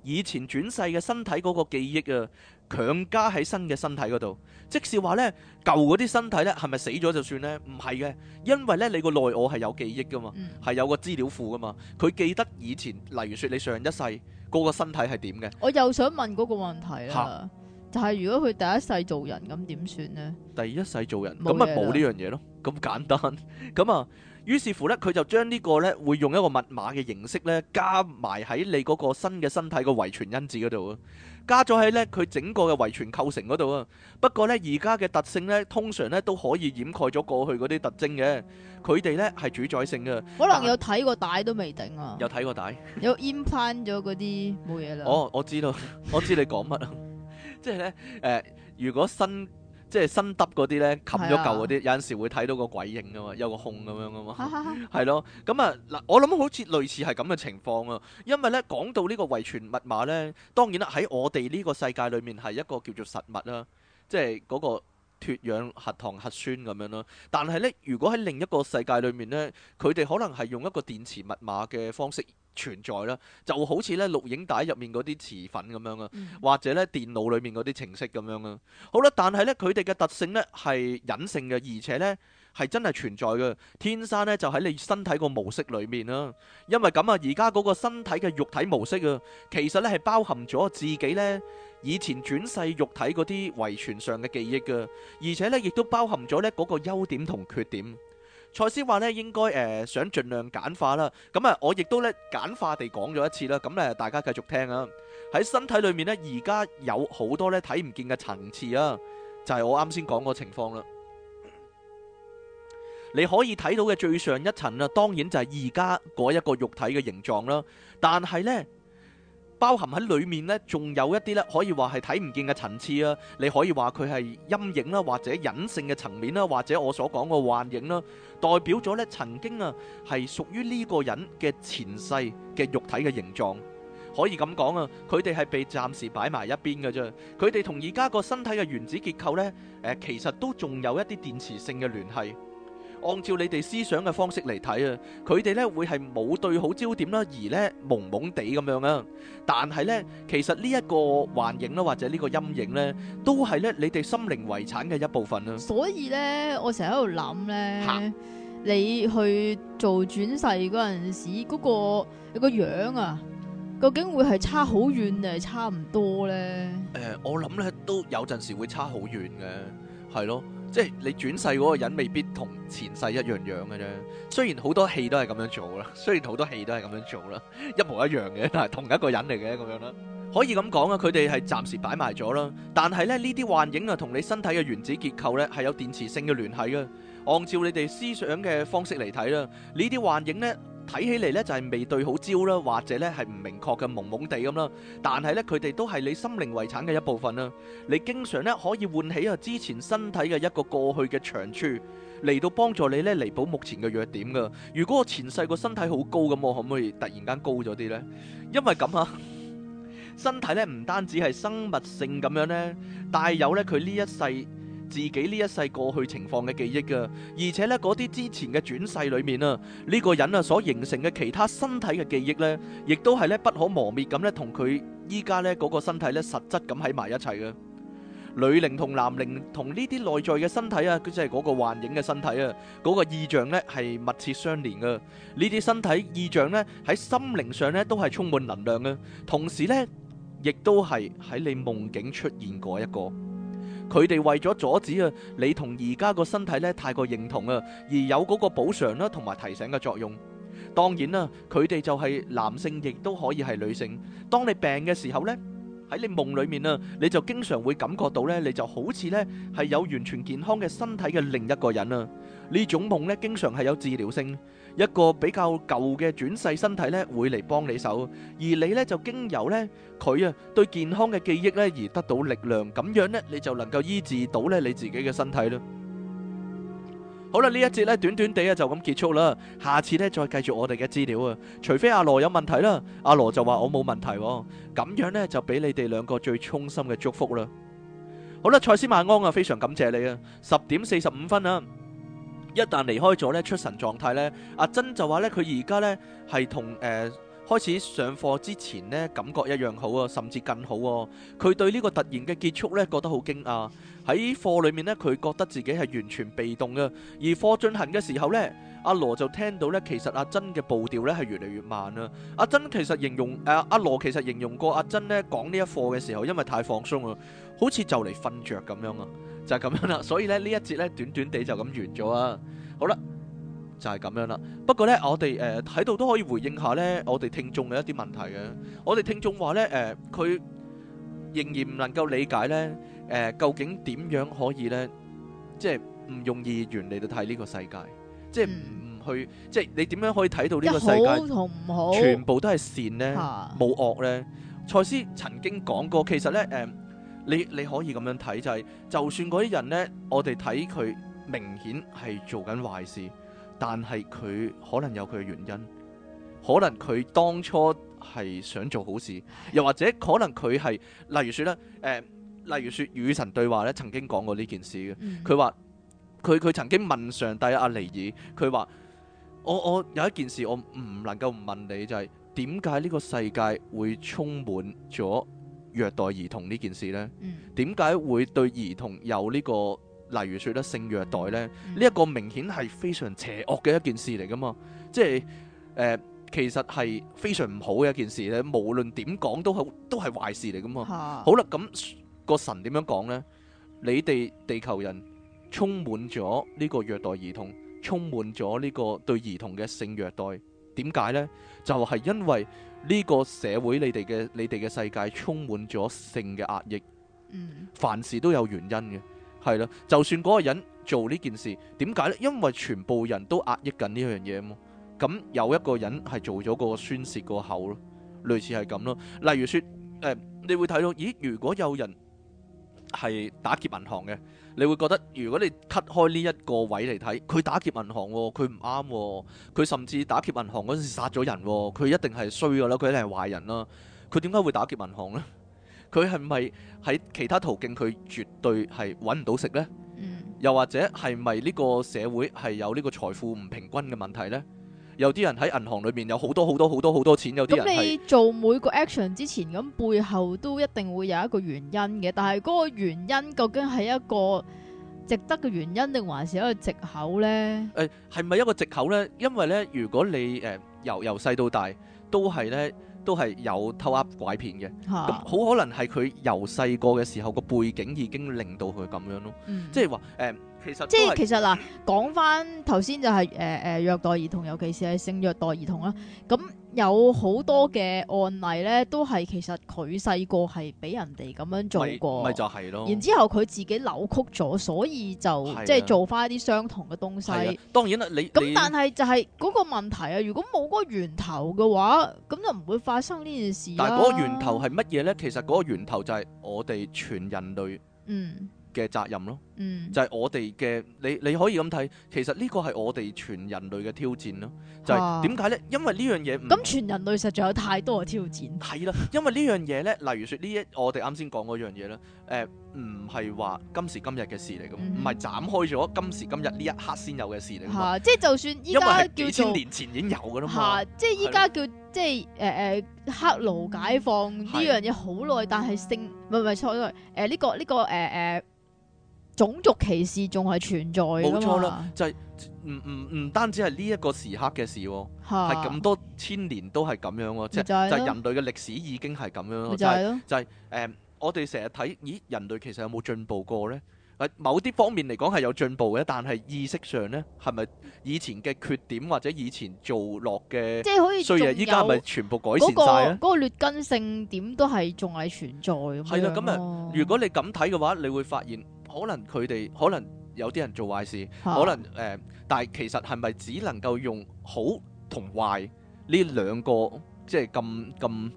以前轉世嘅身體嗰個記憶啊，強加喺新嘅身體嗰度。即是話呢，舊嗰啲身體呢係咪死咗就算呢？唔係嘅，因為呢，你個內我係有記憶噶嘛，係、嗯、有個資料庫噶嘛，佢記得以前，例如說你上一世個、那個身體係點嘅。我又想問嗰個問題啦。 但係如果佢第一世做人咁點算呢？第一世做人咁咪冇呢樣嘢咯，咁簡單咁啊。於 是乎呢，佢就將呢個呢，會用一個密碼嘅形式呢，加埋喺你嗰個新嘅身體個遺傳因子嗰度啊，加咗喺呢，佢整個嘅遺傳構成嗰度啊。不過呢，而家嘅特性呢，通常呢都可以掩蓋咗過去嗰啲特徵嘅。佢哋呢係主宰性嘅，可能有睇過帶都未定啊。有睇過帶，有 implant 咗嗰啲冇嘢啦。哦， oh，我知道，我知你講乜啊。 即係咧，誒、呃，如果新即係、就是、新得嗰啲咧，冚咗舊嗰啲，是啊、有陣時會睇到個鬼影噶嘛，有個空咁樣噶嘛，係咯。 咁啊，嗱，我諗好似類似係咁嘅情況啊。因為咧，講到呢個遺傳密碼咧，當然啦，喺我哋呢個世界裏面係一個叫做實物啦，即係嗰個脫氧核糖核酸咁樣咯。但係咧，如果喺另一個世界裏面咧，佢哋可能係用一個電磁密碼嘅方式。存在啦，就好似咧，錄影帶入面嗰啲磁粉咁樣啊，或者咧，電腦裏面嗰啲程式咁樣啊。好啦，但係咧，佢哋嘅特性呢係隱性嘅，而且呢係真係存在嘅，天生呢就喺你身體個模式裏面啦。因為咁啊，而家嗰個身體嘅肉體模式啊，其實呢係包含咗自己呢以前轉世肉體嗰啲遺傳上嘅記憶嘅，而且呢亦都包含咗呢嗰個優點同缺點。賽斯話咧，應該誒想盡量簡化啦。咁啊，我亦都咧簡化地講咗一次啦。咁咧，大家繼續聽啊。喺身體裏面咧，而家有好多咧睇唔見嘅層次啊，就係、是、我啱先講個情況啦。你可以睇到嘅最上一層啊，當然就係而家嗰一個肉體嘅形狀啦。但係呢。包含喺裏面呢，仲有一啲咧，可以話係睇唔見嘅層次啊。你可以話佢係陰影啦，或者隱性嘅層面啦，或者我所講嘅幻影啦，代表咗呢曾經啊係屬於呢個人嘅前世嘅肉體嘅形狀，可以咁講啊。佢哋係被暫時擺埋一邊嘅啫，佢哋同而家個身體嘅原子結構呢，誒，其實都仲有一啲電磁性嘅聯繫。按照你哋思想嘅方式嚟睇啊，佢哋咧會係冇對好焦點啦，而咧蒙蒙地咁樣啊。但係咧，其實呢一個幻影啦，或者呢個陰影咧，都係咧你哋心靈遺產嘅一部分啦。所以咧，我成日喺度諗咧，吓，你去做轉世嗰陣時，嗰個個樣啊，究竟會係差好遠定係差唔多咧？誒，我諗咧都有陣時會差好遠嘅，係咯。即係你轉世嗰個人未必同前世一樣樣嘅啫。雖然好多戲都係咁樣做啦，雖然好多戲都係咁樣做啦，一模一樣嘅，但係同一個人嚟嘅咁樣啦。可以咁講啊，佢哋係暫時擺埋咗啦。但係咧，呢啲幻影啊，同你身體嘅原子結構咧，係有電磁性嘅聯繫嘅。按照你哋思想嘅方式嚟睇啦，呢啲幻影咧。睇起嚟咧就係未對好焦啦，或者咧係唔明確嘅矇矇地咁啦。但係咧佢哋都係你心靈遺產嘅一部分啦。你經常咧可以喚起啊之前身體嘅一個過去嘅長處，嚟到幫助你咧彌補目前嘅弱點㗎。如果我前世個身體好高咁，我可唔可以突然間高咗啲呢？因為咁啊，身體咧唔單止係生物性咁樣咧，帶有咧佢呢一世，自己呢一世過去情況嘅記憶噶，而且咧嗰啲之前嘅轉世裏面啊，呢個人啊所形成嘅其他身體嘅記憶咧，亦都係咧不可磨滅咁咧，同佢依家咧嗰個身體咧實質咁喺埋一齊嘅。女靈同男靈同呢啲內在嘅身體啊，佢即係嗰個幻影嘅身體啊，嗰個意象咧係密切相連噶。呢啲身體意象咧喺心靈上咧都係充滿能量噶，同時咧亦都係喺你夢境出現過一個。佢哋為咗阻止啊，你同而家個身體咧太過認同啊，而有嗰個補償啦同埋提醒嘅作用。當然啦，佢哋就係男性，亦都可以係女性。當你病嘅時候呢，喺你夢裏面啊，你就經常會感覺到咧，你就好似咧係有完全健康嘅身體嘅另一個人啊。呢種夢咧，經常係有治療性。一個比較舊嘅轉世身體咧，會嚟幫你手，而你咧就經由咧佢啊對健康嘅記憶咧而得到力量，咁樣咧你就能夠醫治到咧你自己嘅身體啦。好啦，呢一節咧短短地啊就咁結束啦，下次咧再繼續我哋嘅資料啊，除非阿羅有問題啦，阿羅就話我冇問題，咁樣咧就俾你哋兩個最衷心嘅祝福啦。好啦，賽斯晚安啊，非常感謝你啊，十點四十五分啊。一旦離開咗咧出神狀態咧，阿珍就話咧佢而家咧係同誒開始上課之前咧感覺一樣好啊，甚至更好喎。佢對呢個突然嘅結束咧覺得好驚訝。喺課裏面咧佢覺得自己係完全被動啊。而課進行嘅時候咧，阿羅就聽到咧其實阿珍嘅步調咧係越嚟越慢啊。阿珍其實形容誒、呃、阿羅其實形容過阿珍咧講呢一課嘅時候，因為太放鬆啊，好似就嚟瞓着咁樣啊。就係咁樣啦，所以咧呢一節咧短短地就咁完咗啊。好啦，就係、是、咁樣啦。不過咧，我哋誒喺度都可以回應下咧，我哋聽眾嘅一啲問題嘅。我哋聽眾話咧，誒佢仍然唔能夠理解咧，誒、呃、究竟點樣可以咧，即係唔用二元嚟到睇呢個世界，即係唔去，嗯、即係你點樣可以睇到呢個世界？全部都係善咧，冇惡咧。賽斯曾經講過，其實咧，誒、呃。你你可以咁樣睇就係，就係就算嗰啲人呢，我哋睇佢明顯係做緊壞事，但係佢可能有佢嘅原因，可能佢當初係想做好事，又或者可能佢係，例如說咧，誒、呃，例如說與神對話呢，曾經講過呢件事嘅，佢話佢佢曾經問上帝阿尼爾，佢話我我有一件事我唔能夠唔問你，就係點解呢個世界會充滿咗？虐待兒童呢件事咧，點解會對兒童有呢個，例如說咧性虐待咧，呢一個明顯係非常邪惡嘅一件事嚟噶嘛，即係誒，其實係非常唔好嘅一件事咧，無論點講都好，都係壞事嚟噶嘛。好啦，咁個神點樣講咧？你哋地球人充滿咗呢個虐待兒童，充滿咗呢個對兒童嘅性虐待，點解咧？就係因為。呢個社會你哋嘅你哋嘅世界充滿咗性嘅壓抑，凡事都有原因嘅，係啦。就算嗰個人做呢件事，點解呢？因為全部人都壓抑緊呢樣嘢啊嘛。咁有一個人係做咗個宣泄個口咯，類似係咁咯。例如説，誒、呃，你會睇到，咦？如果有人係打劫銀行嘅，你會覺得如果你 cut 開呢一個位嚟睇，佢打劫銀行，佢唔啱，佢甚至打劫銀行嗰陣時殺咗人，佢一定係衰㗎啦，佢一定係壞人啦。佢點解會打劫銀行呢？佢係咪喺其他途徑佢絕對係揾唔到食呢？又或者係咪呢個社會係有呢個財富唔平均嘅問題呢？有啲人喺銀行裏面有好多好多好多好多錢，有啲人係。咁你做每個 action 之前，咁背後都一定會有一個原因嘅。但係嗰個原因究竟係一個值得嘅原因，定還是一個藉口呢？誒，係咪一個藉口呢？因為呢，如果你誒由由細到大都係呢，都係有偷呃拐騙嘅，咁好可能係佢由細個嘅時候個背景已經令到佢咁樣咯。嗯，即係話誒。即係其實嗱、 就是，講翻頭先就係誒誒，虐待兒童，尤其是係性虐待兒童啦。咁有好多嘅案例咧，都係其實佢細個係俾人哋咁樣做過，咪就係咯。然之後佢自己扭曲咗，所以就即係的做翻一啲相同嘅東西。當然啦，你咁但係就係嗰個問題啊。如果冇嗰個源頭嘅話，咁就唔會發生呢件事啦。但係嗰個源頭係乜嘢咧？其實嗰個源頭就係我哋全人類嗯嘅責任咯。嗯。嗯，就係我哋嘅，你你可以咁睇，其實呢個係我哋全人類嘅挑戰咯。就係點解咧？因為呢樣嘢唔同，咁全人類實在有太多嘅挑戰。係啦，因為呢樣嘢咧，例如説呢一我哋啱先講嗰樣嘢咧，誒唔係話今時今日嘅事嚟噶嘛，唔係、嗯、斬開咗今時今日呢一刻先有嘅事嚟。嚇、啊！即係就算依家，因為幾千年前已經有噶啦嘛。啊、即係依家叫啦即係誒誒黑奴解放呢樣嘢好耐，但係性唔係唔係錯喎。呢、呃呢個呢、呢個誒誒。種族歧視仲係存在冇錯啦，就係唔唔唔單止係呢一個時刻嘅事，係咁多千年都係咁樣咯。存在咯。就係人類嘅歷史已經係咁樣咯。就係咯。就係誒，我哋成日睇，咦？人類其實有冇進步過咧？某啲方面嚟講係有進步嘅，但係意識上咧，係咪以前嘅缺點或者以前做落嘅，即係可以，雖然依家係咪全部改善晒，嗰個劣根性點都係仲係存在。係啦，咁啊，如果你咁睇嘅話，你會發現。可能佢哋可能有啲人做壞事，啊、可能誒、呃，但係其實係咪只能夠用好同壞呢兩個即係咁咁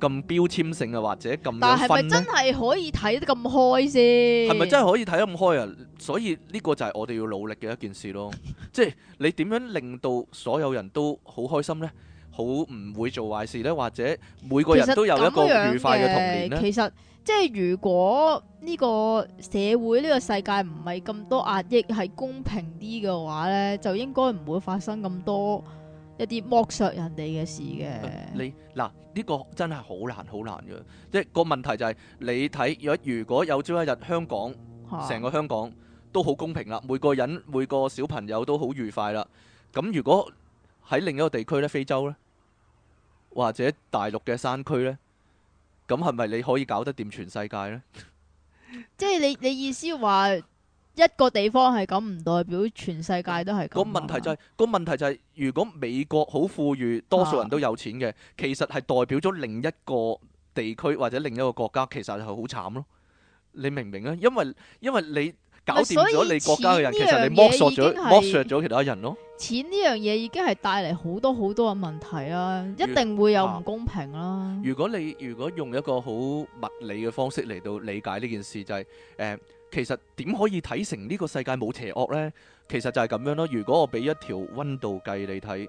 咁標籤性嘅或者咁樣分咧？但係咪真係可以睇得咁開先？係咪真係可以睇得咁開啊？所以呢個就係我哋要努力嘅一件事咯。 即係你點樣令到所有人都好開心咧？好唔會做壞事咧？或者每個人都有一個愉快嘅童年咧？其實。即係如果呢個社會呢、呢個世界唔係咁多壓抑，係公平啲嘅話呢，就應該唔會發生咁多一啲剝削人哋嘅事嘅、嗯呃。你嗱呢、呢個真係好難好難嘅，即係個問題就係、是、你睇，如果有朝一日香港成、啊、個香港都好公平啦，每個人每個小朋友都好愉快啦，咁如果喺另一個地區呢，非洲呢，或者大陸嘅山區呢。咁係咪你可以搞得掂全世界呢？即係你你意思話一個地方係咁，唔代表全世界都係咁。個問題就係，個問題就係，如果美國好富裕，多數人都有錢嘅，其實係代表咗另一個地區或者另一個國家，其實係好慘咯。你明唔明啊？因為因為你。搞掂咗你國家嘅人，其實你剝削咗剝削咗其他人咯。錢呢樣嘢已經係帶嚟好多好多嘅問題啊，一定會有唔公平啦。如果你如果用一個好物理嘅方式嚟到理解呢件事，就係誒，其實點可以睇成呢個世界冇邪惡咧？其實就係咁樣咯。如果我俾一條溫度計你睇，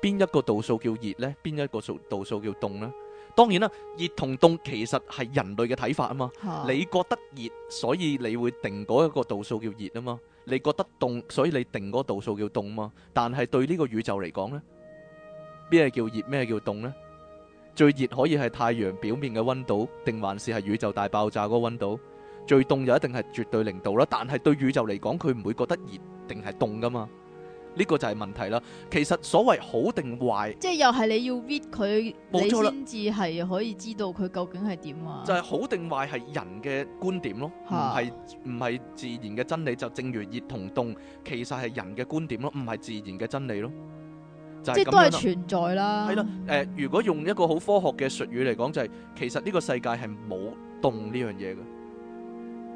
邊一個度數叫熱咧？邊一個數度數叫凍咧？當然啦，熱同凍其實係人類嘅睇法啊嘛。你覺得熱，所以你會定嗰一個度數叫熱啊嘛。你覺得凍，所以你定嗰個度數叫凍嘛。但係對呢個宇宙嚟講咧，咩叫熱？咩叫凍咧？最熱可以係太陽表面嘅溫度，定還是係宇宙大爆炸嗰個溫度？最凍就一定係絕對零度啦。但係對宇宙嚟講，佢唔會覺得熱定係凍噶嘛。呢個就係問題啦。其實所謂好定壞，即係又係你要 read 佢，你先至係可以知道佢究竟係點啊。就係好定壞係人嘅觀點咯，唔係唔係自然嘅真理。就正如熱同凍，其實係人嘅觀點咯，唔係自然嘅真理咯。就係、即係都係存在啦。係咯，誒、呃，如果用一個好科學嘅術語嚟講、就係，就係其實呢個世界係冇凍呢樣嘢嘅。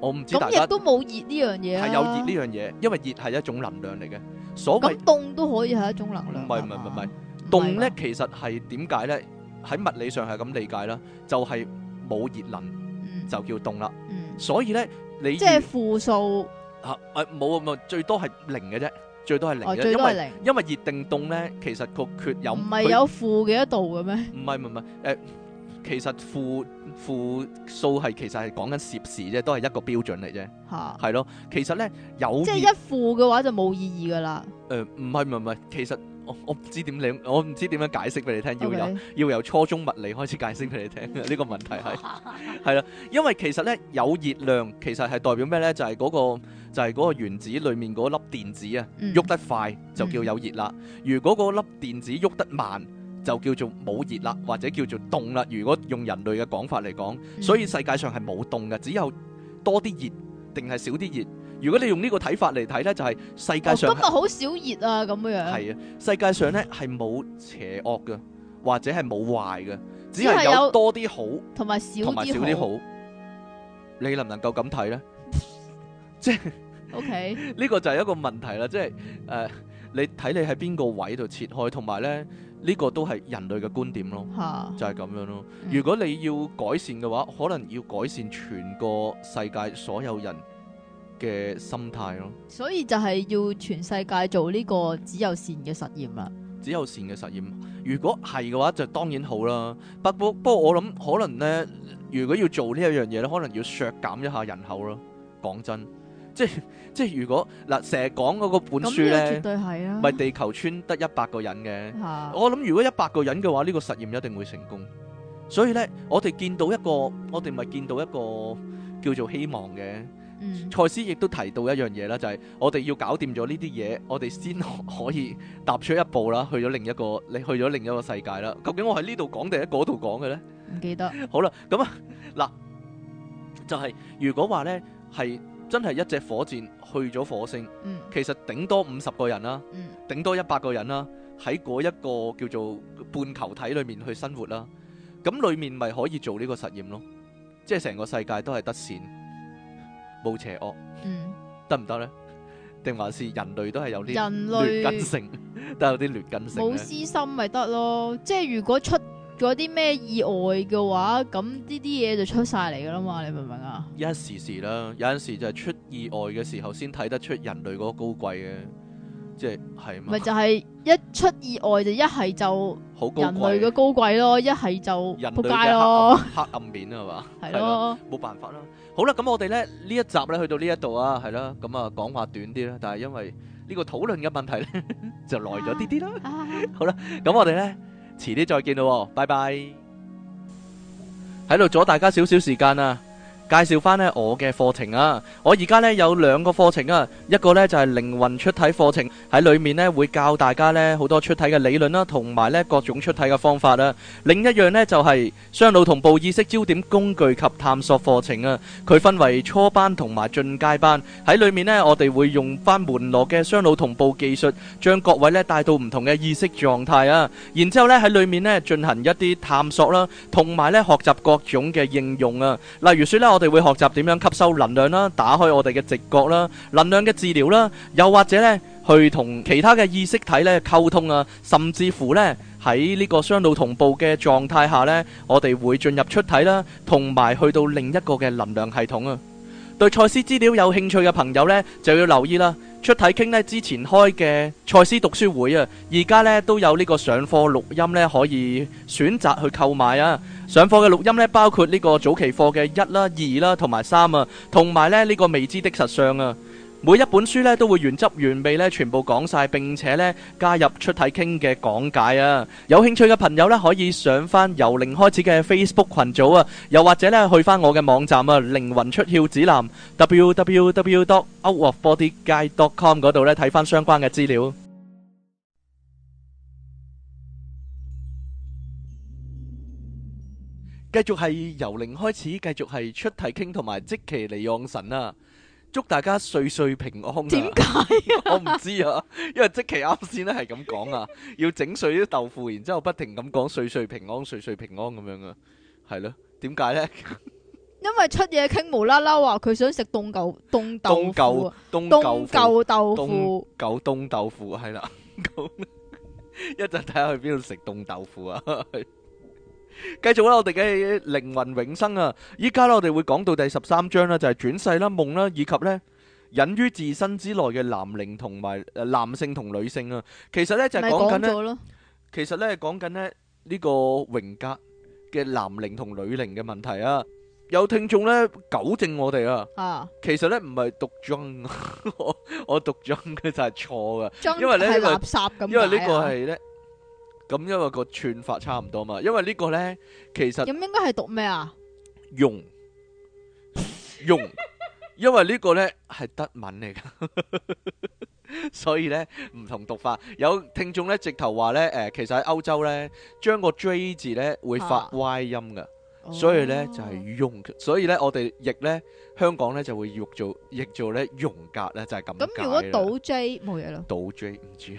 我唔知大家都冇熱呢樣嘢啊。係有熱呢樣嘢，因為熱係一種能量嚟嘅。所謂凍都可以係一種能量。唔係唔係唔係，凍咧其實係點解咧？喺物理上係咁理解啦，就係冇熱能就叫凍啦。所以咧你即係負數嚇誒，冇啊，最多係零嘅啫，最多係零嘅，因為因為熱定凍咧，其實個缺有唔係有負幾多度嘅咩？唔係唔係誒。其實負負數係其實係講緊攝氏啫，都係一個標準嚟啫。吓係咯，其實咧有即係一負嘅話就冇意義噶啦。誒、呃，唔係唔係唔係，其實我我唔知點你，我唔知點樣解釋俾你聽。Okay. 要由要由初中物理開始解釋俾你聽呢 個問題係係啦，因為其實咧有熱量其實係代表咩咧？就係、是、嗰、那個就係、是、個原子裏面嗰粒電子啊，喐、嗯、得快就叫有熱啦。嗯、如果嗰粒電子喐得慢，就叫做冇熱啦，或者叫做凍啦。如果用人類嘅講法嚟講，所以世界上係冇凍嘅，只有多啲熱定係少啲熱。如果你用呢個睇法嚟睇咧，就係世界上今日好少熱啊，咁樣。係啊，世界上咧係冇邪惡嘅，或者係冇壞嘅，只係有多啲好同埋少同埋少啲好。你能唔能夠咁睇咧？即係 OK，呢個就係一個問題啦。即係誒，你睇你喺邊個位度切開，同埋咧。呢個都係人類嘅觀點咯，啊、就係咁樣咯。如果你要改善嘅話，可能要改善全個世界所有人嘅心態咯。所以就係要全世界做呢個只有善嘅實驗啦。只有善嘅實驗，如果係嘅話，就當然好啦。不過不過，我諗可能呢，如果要做呢一樣嘢咧，可能要削減一下人口咯。講真。即係即係如果嗱，成日講嗰個本書咧，絕對係啊，唔係地球村得一百個人嘅。啊、我諗如果一百個人嘅話，呢、這個實驗一定會成功。所以咧，我哋見到一個，嗯、我哋咪見到一個叫做希望嘅。賽斯亦都提到一樣嘢啦，就係、是、我哋要搞掂咗呢啲嘢，我哋先可以踏出一步啦，去咗另一個，你去咗另一個世界啦。究竟我喺呢度講定喺嗰度講嘅咧？唔記得。 好啦，咁啊嗱，就係、是、如果話咧係。真係一隻火箭去咗火星，嗯、其實頂多五十個人啦、啊，頂、嗯、多一百個人啦、啊，喺嗰一個叫做半球體裏面去生活啦、啊。咁裏面咪可以做呢個實驗咯，即係成個世界都係得善冇邪惡，得唔得咧？定還是人類都係有啲劣根性，類 都有啲劣根性冇私心咪得咯。即係如果出有啲咩意外嘅話，咁呢啲嘢就出晒嚟噶啦嘛，你明唔明啊？一時時啦，有陣時就係出意外嘅時候先睇得出人類嗰個高貴嘅，即係係啊。咪就係一出意外就一係就好高人類嘅高貴咯，一係就仆街咯，黑暗，黑暗面 啊嘛，係咯，冇辦法啦。好 啦，咁我哋咧呢一集咧去到呢一度啊，係啦，咁啊講話短啲啦，但係因為呢個討論嘅問題咧就耐咗啲啲啦。好啦，咁我哋咧。遲啲再見喇喎，拜拜！喺度阻大家少少時間啊。介紹翻呢我嘅課程啊，我而家呢有兩個課程啊，一個呢就係靈魂出體課程，喺裏面呢會教大家呢好多出體嘅理論啦，同埋呢各種出體嘅方法啦。另一樣呢就係雙腦同步意識焦點工具及探索課程啊，佢分為初班同埋進階班，喺裏面呢我哋會用翻門羅嘅雙腦同步技術，將各位呢帶到唔同嘅意識狀態啊，然之後呢喺裏面呢進行一啲探索啦，同埋呢學習各種嘅應用啊，例如說呢我。我哋會學習點樣吸收能量啦，打開我哋嘅直覺啦，能量嘅治療啦，又或者呢去同其他嘅意識體呢溝通啊，甚至乎呢喺呢個雙腦同步嘅狀態下呢，我哋會進入出體啦，同埋去到另一個嘅能量系統啊。對賽斯資料有興趣嘅朋友呢，就要留意啦。出體傾呢之前開嘅賽斯讀書會啊，而家呢都有呢個上課錄音呢，可以選擇去購買啊。上課嘅錄音咧，包括呢個早期課嘅一啦、二啦同埋三啊，同埋咧呢個未知的實相啊。每一本書咧都會原汁原味咧全部講晒，並且咧加入出體傾嘅講解啊。有興趣嘅朋友咧，可以上翻由零開始嘅 Facebook 群組啊，又或者咧去翻我嘅網站啊，靈魂出竅指南 www.outofbodyguide.com 嗰度咧睇翻相關嘅資料。繼續係由零開始，繼續係出體傾同埋即期嚟，用神啊！祝大家歲歲平安，啊。點解，啊、 我唔知啊，因為即期啱先咧係咁講啊，啊 要整碎啲豆腐，然之後不停咁講歲歲平安，歲歲平安咁樣啊，係咯，啊？點解呢？ 因為出嘢傾無啦啦話佢想食凍狗凍豆腐，凍狗凍豆腐，凍凍豆腐係啦，豆腐啊， 一陣睇下去邊度食凍豆腐啊！ 繼續啦，我哋嘅靈魂永生啊！依家咧，我哋會講到第十三章啦，就係轉世啦、夢啦，以及咧隱於自身之內嘅男靈同埋誒男性同女性啊。其實咧就係講緊咧，其實咧講緊咧呢個榮格嘅男靈同女靈嘅問題啊。有聽眾咧糾正我哋啊，其實咧唔係讀裝，我我讀裝嘅就係錯嘅，因為咧因為呢個係咧。咁因為個串法差唔多嘛，因為呢個咧其實咁應該係讀咩啊？榮榮，因為呢個咧係德文嚟噶，所以咧唔同讀法。有聽眾咧直頭話咧誒，其實喺歐洲咧將個 J 字咧會發 Y 音噶，所以咧就係榮。所以咧我哋譯咧香港咧就會譯做譯做咧榮格咧就係咁。咁如果倒 J 冇嘢囉，倒 J 唔知。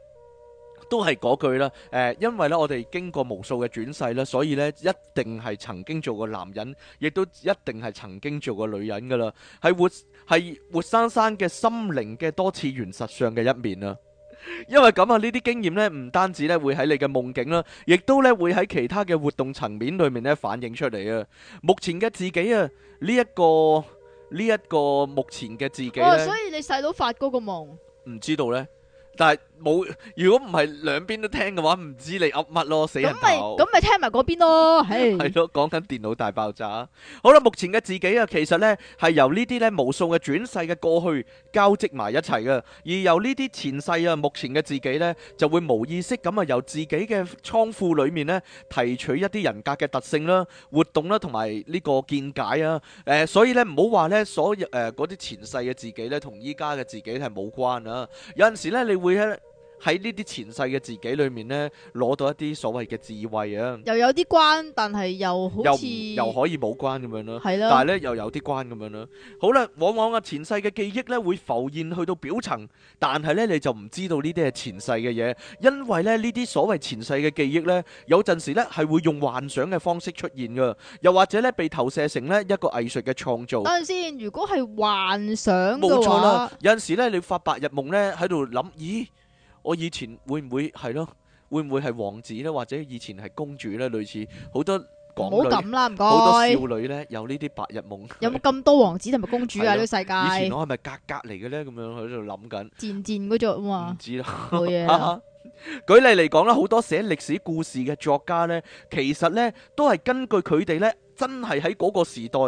都係嗰句啦，誒，因為咧，我哋經過無數嘅轉世啦，所以咧，一定係曾經做過男人，亦都一定係曾經做過女人噶啦，係活係活生生嘅心靈嘅多次現實上嘅一面啊！因為咁啊，呢啲經驗咧，唔單止咧會喺你嘅夢境啦，亦都咧會喺其他嘅活動層面裏面咧反映出嚟啊！目前嘅自己啊，呢一個呢一個目前嘅自己咧，所以你細佬發嗰個夢，唔知道咧，但係。冇，如果唔係兩邊都聽嘅話，唔知你噏乜咯，死人頭。咁咪咁咪聽埋嗰邊咯，唉。 係咯，講緊電腦大爆炸。好啦，目前嘅自己啊，其實呢係由呢啲咧無數嘅轉世嘅過去交織埋一齊嘅，而由呢啲前世啊，目前嘅自己呢，就會冇意識咁啊，由自己嘅倉庫裏面呢提取一啲人格嘅特性啦、活動啦，同埋呢個見解啊。誒，所以呢，唔好話呢所有誒嗰啲前世嘅自己呢，同依家嘅自己係冇關啊。有陣時呢，你會咧。喺呢啲前世嘅自己裏面呢，攞到一啲所謂嘅智慧啊！又有啲關，但係又好似又可以冇關咁樣咯。係咯，但係咧又有啲關咁樣咯。好啦，往往啊前世嘅記憶呢會浮現去到表層，但係呢你就唔知道呢啲係前世嘅嘢，因為咧呢啲所謂前世嘅記憶呢，有陣時呢係會用幻想嘅方式出現噶，又或者呢被投射成呢一個藝術嘅創造。等陣先，如果係幻想嘅話，冇錯啦，有陣時呢，你發白日夢呢喺度諗，咦？我以前會唔會係咯？會唔會係王子咧？或者以前係公主咧？類似好多講嘅，好多少女咧有呢啲白日夢。有冇咁多王子同埋公主啊？呢個世界？以前我係咪格格嚟嘅咧？咁樣喺度諗緊。賤賤嗰種啊？唔知啦。冇嘢。舉例嚟講啦，好多寫歷史故事嘅作家咧，其實咧都係根據佢哋咧真係喺嗰個時代，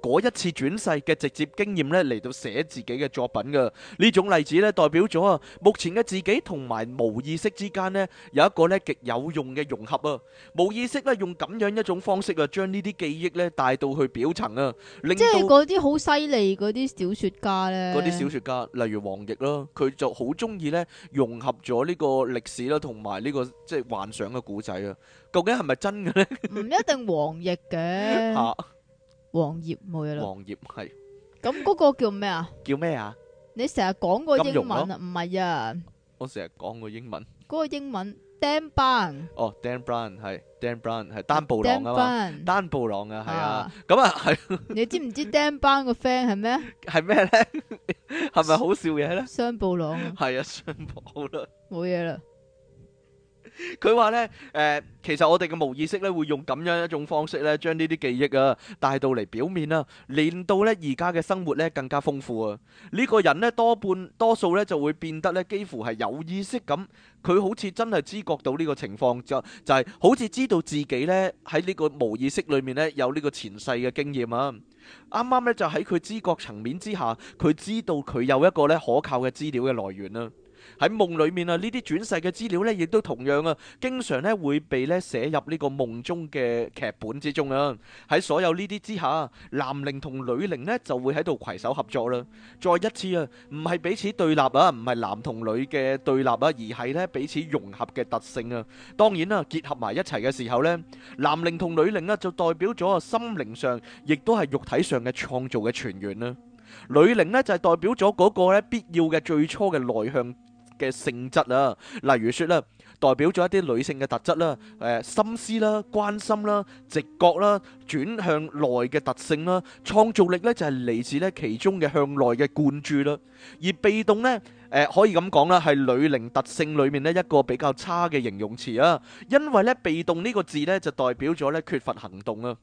嗰一次轉世嘅直接經驗咧，嚟到寫自己嘅作品嘅呢種例子咧，代表咗啊，目前嘅自己同埋無意識之間咧，有一個咧極有用嘅融合啊！無意識咧用咁樣一種方式啊，將呢啲記憶咧帶到去表層啊，令即係嗰啲好犀利嗰啲小說家咧，嗰啲小說家，例如黃易咯，佢就好中意咧融合咗呢個歷史啦，同埋呢個即係幻想嘅古仔啊！究竟係咪真嘅咧？唔一定黃易嘅。黃葉冇嘢啦。黃葉係。咁嗰個叫咩啊？叫咩啊？你成日講個英文啊，唔係啊？我成日講個英文。嗰個英文 Dan Brown。哦，Dan Brown 係，Dan Brown 係丹布朗啊嘛，丹布朗啊係啊。咁啊係。你知唔知 Dan Brown 個 friend 係咩？係咩咧？係咪好笑嘢咧？雙布朗啊。係啊，雙布朗。冇嘢啦。佢話呢，誒、呃，其實我哋嘅無意識咧，會用咁樣一種方式咧，將呢啲記憶啊帶到嚟表面啦、啊，令到咧而家嘅生活咧更加豐富啊！呢、呢個人咧多半多數咧就會變得咧幾乎係有意識咁，佢好似真係知覺到呢個情況就就係、是、好似知道自己咧喺呢個無意識裏面咧有呢個前世嘅經驗啊！啱啱呢，就喺佢知覺層面之下，佢知道佢有一個咧可靠嘅資料嘅來源啦、啊。喺夢裏面啊，呢啲轉世嘅資料咧，亦都同樣啊，經常咧會被咧寫入呢個夢中嘅劇本之中啊。喺所有呢啲之下，男靈同女靈咧就會喺度攜手合作啦。再一次啊，唔係彼此對立啊，唔係男同女嘅對立啊，而係咧彼此融合嘅特性啊。當然啦，結合埋一齊嘅時候咧，男靈同女靈啊就代表咗啊，心靈上亦都係肉體上嘅創造嘅泉源啦。女靈咧就係代表咗嗰個咧必要嘅最初嘅內向嘅性質啊，例如說咧，代表咗一啲女性嘅特質啦、啊，誒、呃、心思啦、啊、關心啦、啊、直覺啦、啊，轉向內嘅特性啦、啊，創造力呢，就係、是、嚟自呢其中嘅向內嘅灌注啦、啊。而被動呢，誒、呃、可以咁講啦，係女靈特性裏面呢一個比較差嘅形容詞啊，因為呢「被動」呢個字呢，就代表咗呢缺乏行動啊。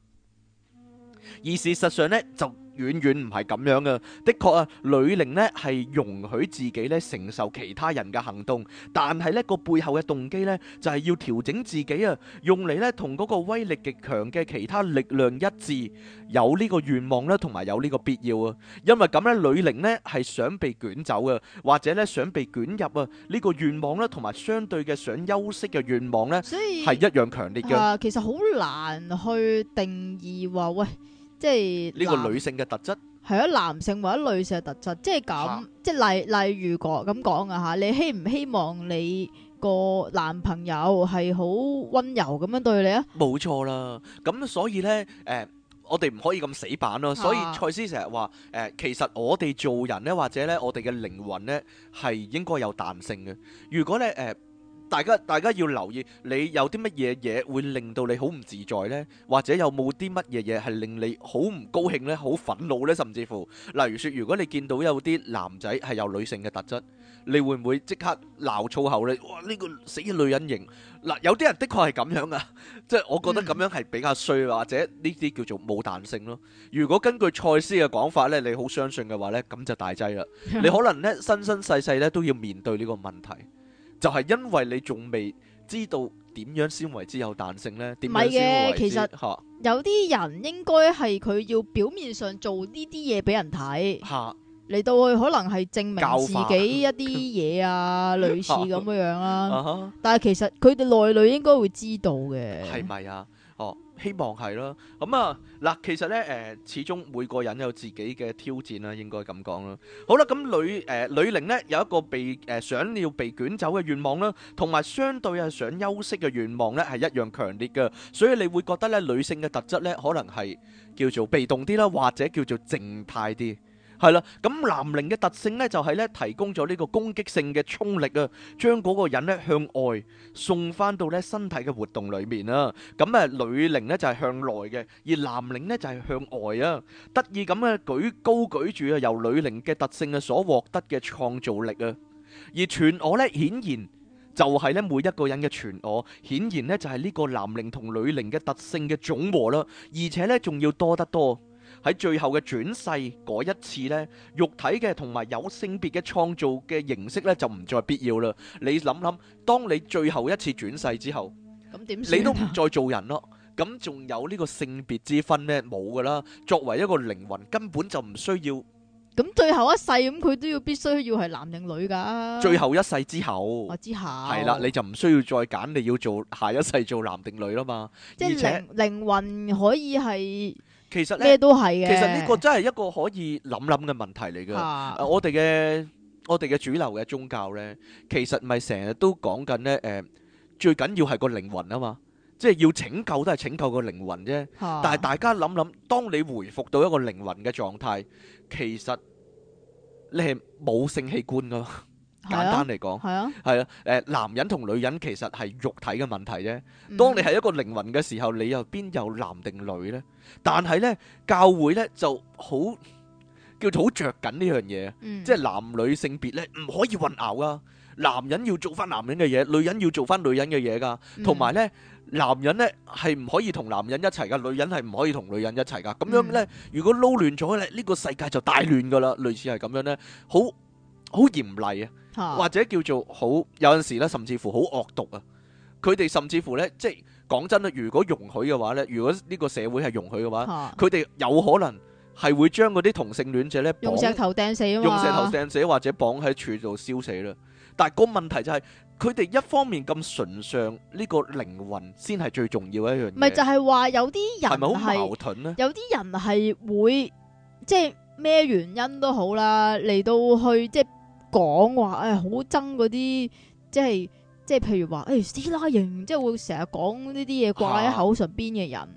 而事實上呢，就遠遠唔係咁樣嘅。的確啊，女玲呢係容許自己呢承受其他人嘅行動，但係呢個背後嘅動機呢，就係要調整自己啊，用嚟呢同嗰個威力極強嘅其他力量一致，有呢個願望呢，同埋有呢個必要啊。因為咁呢，女玲呢係想被捲走啊，或者呢想被捲入啊，呢個願望呢，同埋相對嘅想休息嘅願望呢以，係一樣強烈嘅、呃。其實好難去定義話喂。即係呢個女性嘅特質係啊，男性或者女性嘅特質，即係咁、啊、即係例例如個咁講啊嚇，你希唔希望你個男朋友係好溫柔咁樣對你啊？冇錯啦，咁所以呢，誒、呃，我哋唔可以咁死板咯。啊、所以賽斯成日話誒，其實我哋做人呢，或者呢，我哋嘅靈魂呢，係應該有彈性嘅。如果咧誒。呃大家大家要留意，你有啲乜嘢嘢會令到你好唔自在呢？或者有冇啲乜嘢嘢係令你好唔高興呢？好憤怒呢？甚至乎，例如說，如果你見到有啲男仔係有女性嘅特質，你會唔會即刻鬧粗口呢？「哇！呢、呢個死女人型嗱、呃，有啲人的確係咁樣噶，即 係我覺得咁樣係比較衰，或者呢啲叫做冇彈性咯。如果根據賽斯嘅講法呢，你好相信嘅話呢，咁就大劑啦。你可能呢，生生世世咧都要面對呢個問題。就係因為你仲未知道點樣先為之有彈性呢？點樣先為之？唔係嘅，其實有啲人應該係佢要表面上做呢啲嘢俾人睇，嚟、啊、到去可能係證明自己一啲嘢啊，教法 類似咁樣樣啦、啊。啊、但係其實佢哋內裏應該會知道嘅。係咪啊？哦、啊。希望係咯，咁、嗯、啊嗱，其實咧誒、呃，始終每個人有自己嘅挑戰啦，應該咁講啦。好啦，咁女誒，女玲咧有一個被誒、呃、想要被捲走嘅願望啦，同埋相對係想休息嘅願望咧係一樣強烈嘅，所以你會覺得咧女性嘅特質咧可能係叫做被動啲啦，或者叫做靜態啲。係啦，咁男靈嘅特性咧就係咧提供咗呢個攻擊性嘅衝力啊，將嗰個人咧向外送翻到咧身體嘅活動裏面啦。咁啊，女靈咧就係向內嘅，而男靈咧就係向外啊。得意咁嘅舉高舉住啊，由女靈嘅特性啊所獲得嘅創造力啊，而全我咧顯然就係咧每一個人嘅全我，顯然咧就係呢個男靈同女靈嘅特性嘅總和啦，而且咧仲要多得多。喺最後嘅轉世嗰一次呢，肉體嘅同埋有性別嘅創造嘅形式呢就唔再必要啦。你諗諗，當你最後一次轉世之後，咁點？你都唔再做人咯。咁仲有呢個性別之分呢？冇噶啦。作為一個靈魂，根本就唔需要。咁最後一世咁佢都要必須要係男定女噶？最後一世之後，我知下係啦，你就唔需要再揀，你要做下一世做男定女啦嘛。即係靈靈魂可以係。其實咧，其實呢個真係一個可以諗諗嘅問題嚟噶，啊呃。我哋嘅我哋嘅主流嘅宗教呢，其實咪成日都講緊呢，誒、呃，最緊要係個靈魂啊嘛，即係要拯救，都係拯救個靈魂啫。啊，但係大家諗諗，當你回复到一個靈魂嘅狀態，其實你係冇性器官噶。簡單嚟講，係啊，係啊，誒，男人同女人其實係肉體嘅問題啫。當你係一個靈魂嘅時候，你又邊有男定女呢？但係呢，教會呢就好，叫做好着緊呢樣嘢，即係男女性別呢唔可以混淆噶。男人要做返男人嘅嘢，女人要做返女人嘅嘢噶。同埋呢，男人呢係唔可以同男人一齊噶，女人係唔可以同女人一齊噶。咁樣呢，如果撈亂咗呢，呢個世界就大亂噶啦。類似係咁樣呢，好。好嚴厲啊，或者叫做好有陣時咧，甚至乎好惡毒啊！佢哋甚至乎咧，即係講真啦，如果容許嘅話咧，如果呢個社會係容許嘅話，佢哋、啊、有可能係會將嗰啲同性戀者咧用石頭掟死，用石頭掟死或者綁喺柱度燒死啦。但係個問題就係、是，佢哋一方面咁崇尚呢個靈魂先係最重要一樣嘢，咪就係話有啲人係咪好矛盾咧？有啲人係會即係咩原因都好啦，嚟到去即係。講話誒，好憎嗰啲即係即係，譬如話誒，撕拉型，lying, 即係會成日講呢啲嘢掛喺口上邊嘅人，啊、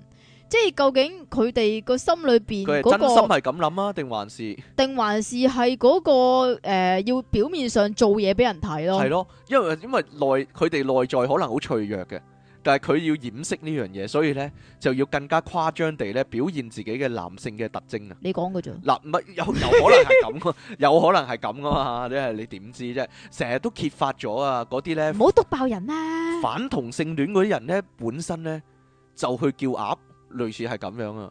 即係究竟佢哋個心裏邊、那個，佢係真心係咁諗啊，還定還是定還是係嗰個誒、呃，要表面上做嘢俾人睇咯？係咯，因為因為內佢哋內在可能好脆弱嘅。但係佢要掩飾呢樣嘢，所以咧就要更加誇張地咧表現自己嘅男性嘅特徵。啊！你講嘅啫，嗱，乜有有可能係咁有可能係咁噶嘛？你係你點知啫？成日都揭發咗啊！嗰啲咧，唔好篤爆人啦！反同性戀嗰啲人咧，本身咧就去叫鴨，類似係咁樣啊，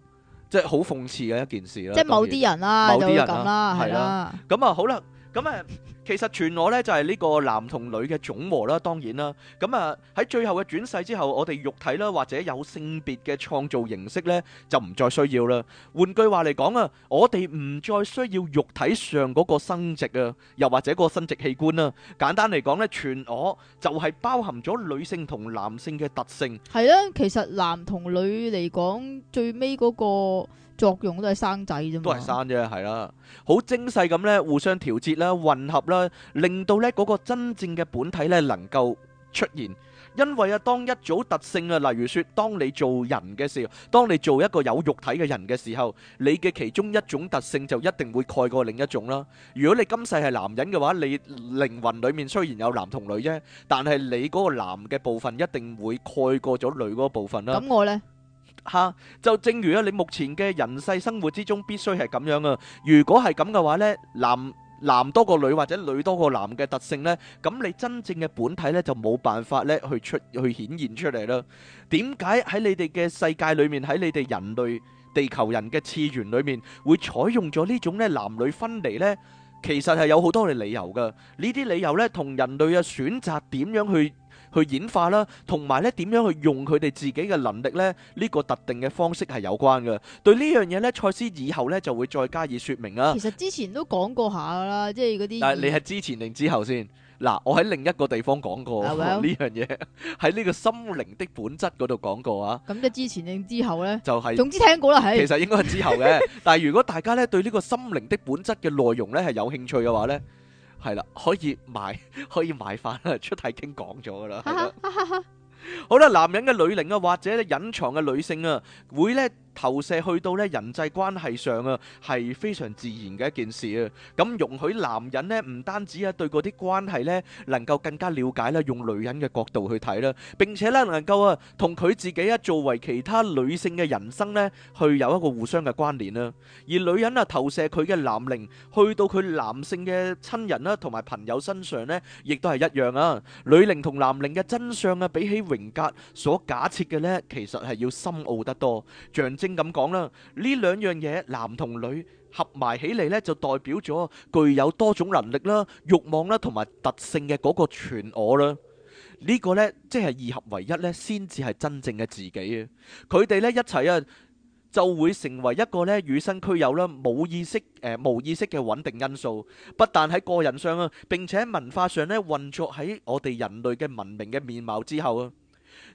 即係好諷刺嘅一件事啦。即係某啲人啦，某啲人啦，係啦。咁啊，好啦。咁啊，其實全我咧就係呢個男同女嘅總和啦，當然啦。咁啊喺最後嘅轉世之後，我哋肉體啦或者有性別嘅創造形式咧就唔再需要啦。換句話嚟講啊，我哋唔再需要肉體上嗰個生殖啊，又或者個生殖器官啊。簡單嚟講咧，全我就係包含咗女性同男性嘅特性。係啊，其實男同女嚟講最尾嗰個作用都係生仔啫嘛，都係生啫，係啦，好精細咁咧，互相調節啦，混合啦，令到咧嗰個真正嘅本體咧能夠出現。因為啊，當一組特性啊，例如說，當你做人嘅時候，當你做一個有肉體嘅人嘅時候，你嘅其中一種特性就一定會蓋過另一種啦。如果你今世係男人嘅話，你靈魂裏面雖然有男同女啫，但係你嗰個男嘅部分一定會蓋過咗女嗰個部分啦。咁我咧？吓，就正如啊，你目前嘅人世生活之中必須係咁樣啊。如果係咁嘅話呢，男男多過女或者女多過男嘅特性呢，咁你真正嘅本體呢就冇辦法呢去出去顯現出嚟啦。點解喺你哋嘅世界裏面，喺你哋人類地球人嘅次元裏面會採用咗呢種呢男女分離呢？其實係有好多嘅理由㗎。呢啲理由呢同人類嘅選擇點樣去？去演化啦，同埋咧，點樣去用佢哋自己嘅能力咧？呢、這個特定嘅方式係有關嘅。對呢樣嘢咧，賽斯以後咧就會再加以說明啊。其實之前都講過下啦，即係嗰啲。但你係之前定之後先？嗱，我喺另一個地方講過呢樣嘢，喺呢個心靈的本質嗰度講過啊。咁你 之前定之後咧？就係、是、總之聽過啦，係。其實應該係之後嘅。 但係如果大家咧對呢個心靈的本質嘅內容咧係有興趣嘅話咧。係啦，可以買，可以買翻啦。出題已經講咗噶啦， 好啦，男人嘅女靈啊，或者咧隱藏嘅女性啊，會咧。投射去到咧人際關係上啊，係非常自然嘅一件事啊。咁容許男人咧唔單止啊對嗰啲關係咧能夠更加了解啦，用女人嘅角度去睇啦，並且啦能夠啊同佢自己啊作為其他女性嘅人生咧去有一個互相嘅關聯啦。而女人啊投射佢嘅男靈去到佢男性嘅親人啦同埋朋友身上咧，亦都係一樣啊。女靈同男靈嘅真相啊，比起榮格所假設嘅咧，其實係要深奧得多，像。正咁講啦，呢兩樣嘢男同女合埋起嚟，咧就代表咗具有多種能力啦、慾望啦同埋特性嘅嗰個全我啦。呢個咧即係二合為一咧，先至係真正嘅自己啊！佢哋咧一齊啊，就會成為一個咧與生俱有啦、冇意識誒、冇意識嘅穩定因素，不但喺個人上啊，並且喺文化上咧運作喺我哋人類嘅文明嘅面貌之後啊。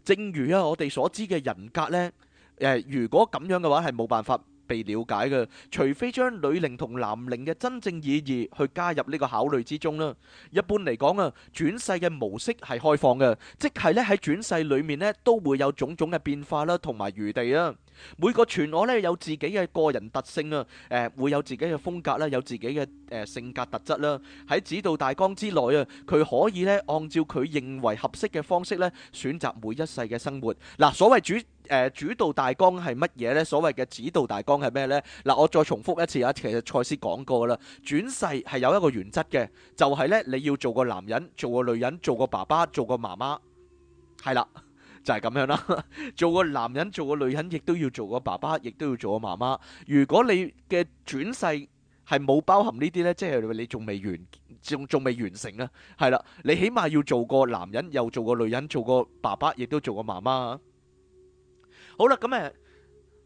正如啊，我哋所知嘅人格咧。誒，如果咁樣嘅話，係冇辦法被了解嘅，除非將女靈同男靈嘅真正意義去加入呢個考慮之中啦。一般嚟講啊，轉世嘅模式係開放嘅，即係咧喺轉世裏面咧都會有種種嘅變化啦，同埋餘地啊。每個全我咧有自己嘅個人特性啊，誒會有自己嘅風格啦，有自己嘅誒性格特質啦。喺指導大綱之內啊，佢可以咧按照佢認為合適嘅方式咧選擇每一世嘅生活。嗱，所謂主。誒，主，指導大綱係乜嘢呢？所謂嘅指導大綱係咩呢？嗱，我再重複一次啊。其實賽斯講過啦，轉世係有一個原則嘅，就係呢你要做個男人，做個女人，做個爸爸，做個媽媽，係啦，就係咁樣啦。做個男人，做個女人，亦都要做個爸爸，亦都要做個媽媽。如果你嘅轉世係冇包含呢啲呢，即係你仲未完，仲仲未完成啊，係啦，你起碼要做個男人，又做個女人，做個爸爸，亦都做個媽媽啊。好啦，咁誒，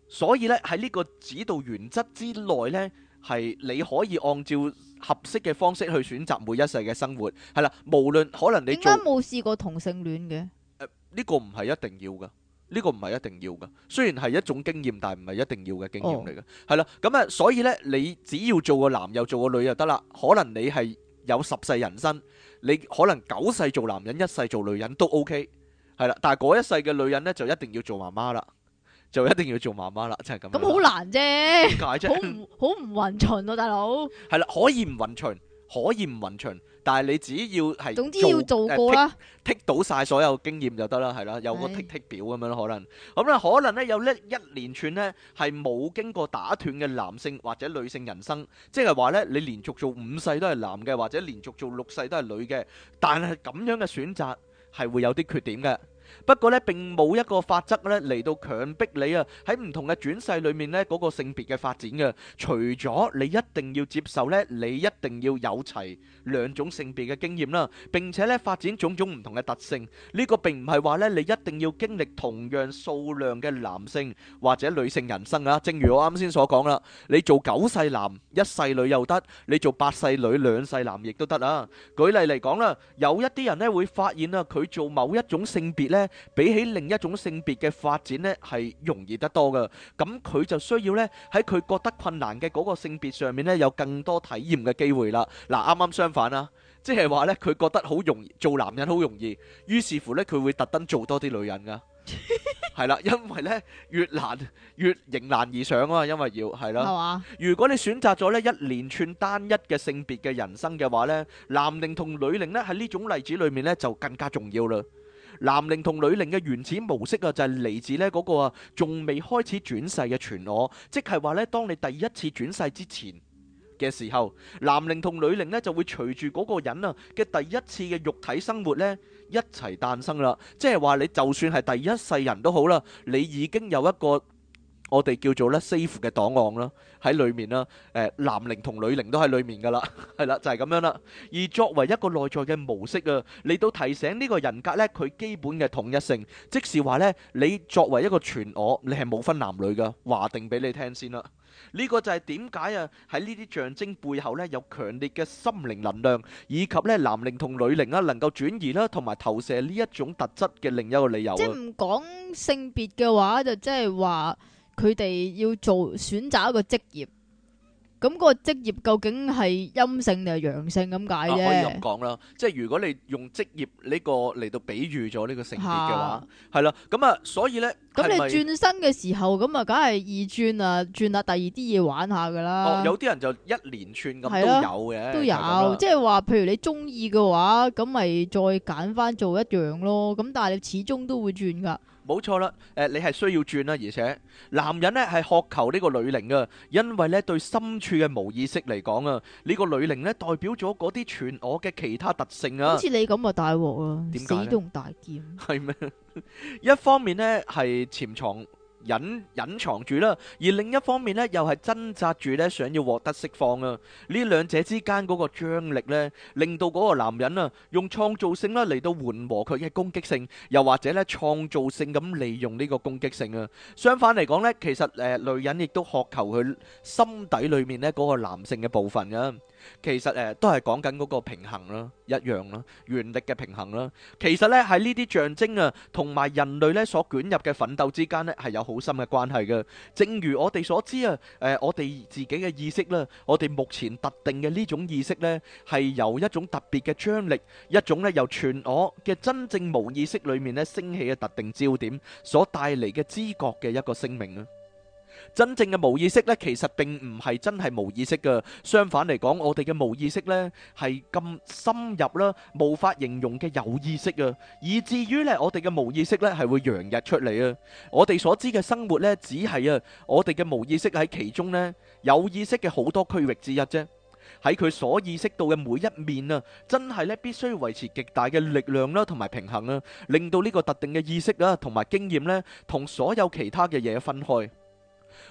所以咧，喺呢個指導原則之內咧，係你可以按照合適嘅方式去選擇每一世嘅生活。係啦，無論可能你點解冇試過同性戀嘅？誒，呢個唔係一定要噶，呢個唔係一定要噶。雖然係一種經驗，但係唔係一定要嘅經驗嚟嘅。係啦，咁啊，所以咧，你只要做個男又做個女就得啦。可能你係有十世人生，你可能九世做男人，一世做女人都 OK。係啦，但係嗰一世嘅女人咧就一定要做媽媽啦。就一定要做媽媽啦，真係咁。咁好難啫，點解啫？好唔好唔勻循啊，大佬？係啦，可以唔勻循？可以唔勻循？但係你只要係總之要做，做過啦，呃，剔到晒所有經驗就得啦，係啦，有個剔剔表咁樣可能咁咧，可能咧的、嗯、有呢一連串咧係冇經過打斷嘅男性或者女性人生，即係話咧你連續做五世都係男嘅，或者連續做六世都係女嘅，但係咁樣嘅選擇係會有啲缺點嘅。不過咧，並冇一個法則咧嚟到強迫你啊，喺唔同嘅轉世裏面咧嗰個性別嘅發展嘅，除咗你一定要接受咧，你一定要有齊兩種性別嘅經驗啦，並且咧發展種種唔同嘅特性。呢個並唔係話咧你一定要經歷同樣數量嘅男性或者女性人生啊。正如我啱先所講啦，你做九世男一世女又得，你做八世女兩世男亦都得啦。舉例嚟講啦，有一啲人咧會發現啊，佢做某一種性別咧。比起另一種性別嘅發展咧，係容易得多嘅。咁佢就需要咧喺佢覺得困難嘅嗰個性別上面咧，有更多體驗嘅機會啦。嗱，啱啱相反啦，即係話咧，佢覺得好容易做男人好容易，於是乎咧，佢會特登做多啲女人噶。係啦，因為咧越難越迎難而上啊，因為要係咯。係嘛？如果你選擇咗咧一連串單一嘅性別嘅人生嘅話咧，男零同女零咧喺呢種例子裏面咧就更加重要啦。男靈同女靈嘅原始模式啊，就係、是、嚟自呢嗰個啊，仲未開始轉世嘅全我，即係話呢，當你第一次轉世之前嘅時候，男靈同女靈呢就會隨住嗰個人啊嘅第一次嘅肉體生活呢一齊誕生啦。即係話你就算係第一世人都好啦，你已經有一個。我哋叫做咧 safe 嘅檔案啦，喺裏面啦。誒，男靈同女靈都喺裏面噶啦，係啦，就係咁樣啦。而作為一個內在嘅模式啊，嚟到提醒呢個人格咧，佢基本嘅統一性，即是話咧，你作為一個全我，你係冇分男女噶。話定俾你聽先啦。呢個就係點解啊，喺呢啲象徵背後咧，有強烈嘅心靈能量，以及咧男靈同女靈啊，能夠轉移啦，同埋投射呢一種特質嘅另一個理由。即係唔講性別嘅話，就即係話。佢哋要做選擇一個職業，咁嗰個職業究竟係陰性定係陽性咁解咧？可以咁講啦，即係如果你用職業呢個嚟到比喻咗呢個性別嘅話，係啦的，咁啊，所以咧，咁你轉身嘅時候，咁啊的，梗係二轉啊，轉下第二啲嘢玩下噶啦。哦，有啲人就一連串咁的都有嘅，都有，即係話，譬如你中意嘅話，咁咪再揀翻做一樣咯。咁但係你始終都會轉噶。冇錯啦，誒、呃，你係需要轉啦，而且男人呢係渴求呢個女靈啊，因為呢對深處嘅無意識嚟講啊，呢、這個女靈呢代表咗嗰啲全我嘅其他特性啊。好似你咁啊，大鑊啊，死都大劍係咩？ 一方面呢係潛藏。隱隱藏住啦，而另一方面呢，又係掙扎住呢，想要獲得釋放啊！呢兩者之間嗰個張力呢，令到嗰個男人啊，用創造性呢嚟到緩和佢嘅攻擊性，又或者呢創造性咁利用呢個攻擊性啊！相反嚟講呢，其實誒、呃，女人亦都渴求佢心底裏面呢嗰個男性嘅部分啊。其實誒，都係講緊嗰個平衡啦，一樣啦，原力嘅平衡啦。其實咧，喺呢啲象徵啊，同埋人類咧所捲入嘅奮鬥之間咧，係有好深嘅關係嘅。正如我哋所知啊，誒，我哋自己嘅意識啦，我哋目前特定嘅呢種意識呢，係由一種特別嘅張力，一種咧由全我嘅真正無意識裏面咧升起嘅特定焦點所帶嚟嘅知覺嘅一個聲明啊。真正嘅無意識咧，其實並唔係真係無意識㗎。相反嚟講，我哋嘅無意識咧係咁深入啦，無法形容嘅有意識啊。以至於咧，我哋嘅無意識咧係會洋溢出嚟啊。我哋所知嘅生活咧，只係啊，我哋嘅無意識喺其中咧有意識嘅好多區域之一啫。喺佢所意識到嘅每一面啊，真係咧必須維持極大嘅力量啦，同埋平衡啊，令到呢個特定嘅意識啊，同埋經驗咧，同所有其他嘅嘢分開。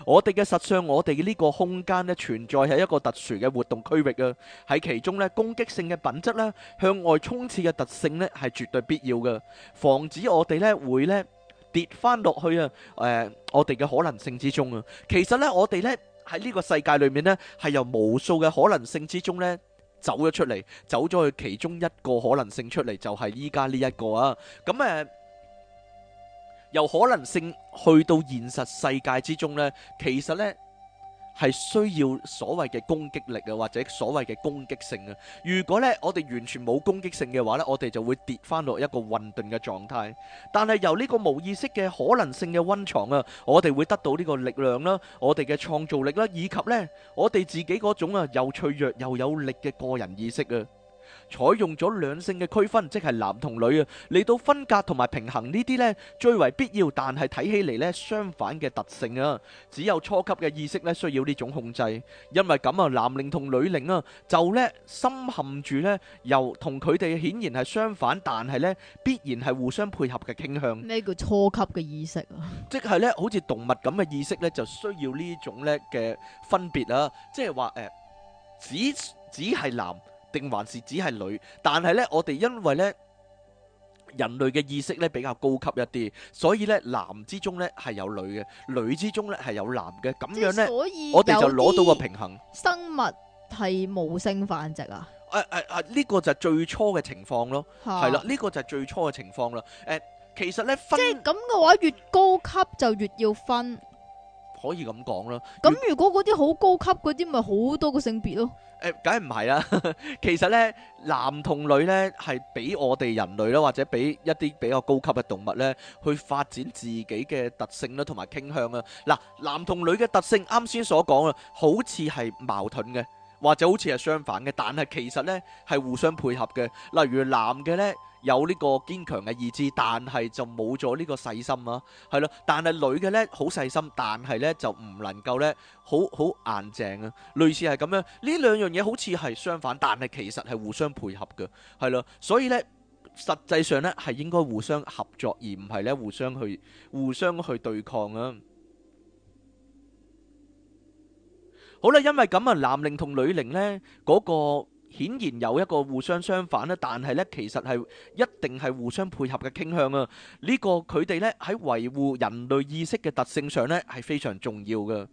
我哋嘅實相，我哋呢個空間呢，存在喺一個特殊嘅活動區域啊，喺其中呢，攻擊性嘅品質呢，向外衝刺嘅特性呢係絕對必要嘅，防止我哋呢會呢，跌翻落去啊！誒、呃，我哋嘅可能性之中啊，其實呢，我哋呢喺呢個世界裏面呢係由無數嘅可能性之中呢走咗出嚟，走咗去其中一個可能性出嚟就係依家呢一個啊！咁、嗯、誒。呃由可能性去到現實世界之中呢，其實呢係需要所謂嘅攻擊力啊，或者所謂嘅攻擊性啊。如果呢，我哋完全冇攻擊性嘅話，呢我哋就會跌返落一個混沌嘅狀態。但係由呢個無意識嘅可能性嘅温床啊，我哋會得到呢個力量啦，我哋嘅創造力啦，以及呢，我哋自己嗰種啊又脆弱又有力嘅個人意識啊。採用咗兩性嘅區分，即係男同女啊，嚟到分隔同埋平衡呢啲咧，最為必要。但係睇起嚟咧，相反嘅特性啊，只有初級嘅意識咧需要呢種控制。因為咁啊，男靈同女靈啊，就咧深陷住咧，又同佢哋顯然係相反，但係咧必然係互相配合嘅傾向。呢個初級嘅意識啊，即係咧，好似動物咁嘅意識咧，就需要呢種咧嘅分別啦。即係話誒，只只係男，定還是只係女，但係呢，我哋因為呢，人類嘅意識呢比較高級一啲，所以呢，男之中呢係有女嘅，女之中呢係有男嘅，咁樣呢，我哋就攞到個平衡。生物係無性繁殖啊？呢、啊啊啊呢個就係最初嘅情況咯，係啦、啊，呢、呢個就係最初嘅情況啦、啊。其實呢，分即係咁嘅話，越高級就越要分，可以咁講啦。咁越如果嗰啲好高級嗰啲，咪好多個性別咯？誒，梗係唔係啦？其實呢，男同女呢係俾我哋人類啦，或者俾一啲比較高級嘅動物呢去發展自己嘅特性啦，同埋傾向啊。嗱，男同女嘅特性，啱先所講啊，好似係矛盾嘅，或者好似係相反嘅，但係其實呢係互相配合嘅。例如男嘅呢。有呢個堅強嘅意志，但係就冇咗呢個細心啊。係咯。但係女嘅呢好細心，但係呢就唔能夠呢好好硬正啊。類似係咁樣，呢兩樣嘢好似係相反，但係其實係互相配合嘅，係咯。所以呢實際上呢係應該互相合作，而唔係呢互相去互相去對抗啊。好啦，因為咁啊，男靈同女靈呢嗰個。顯然有一個互相相反呢，但係呢其實係一定係互相配合嘅傾向啊！呢個佢哋呢喺維護人類意識嘅特性上呢係非常重要㗎。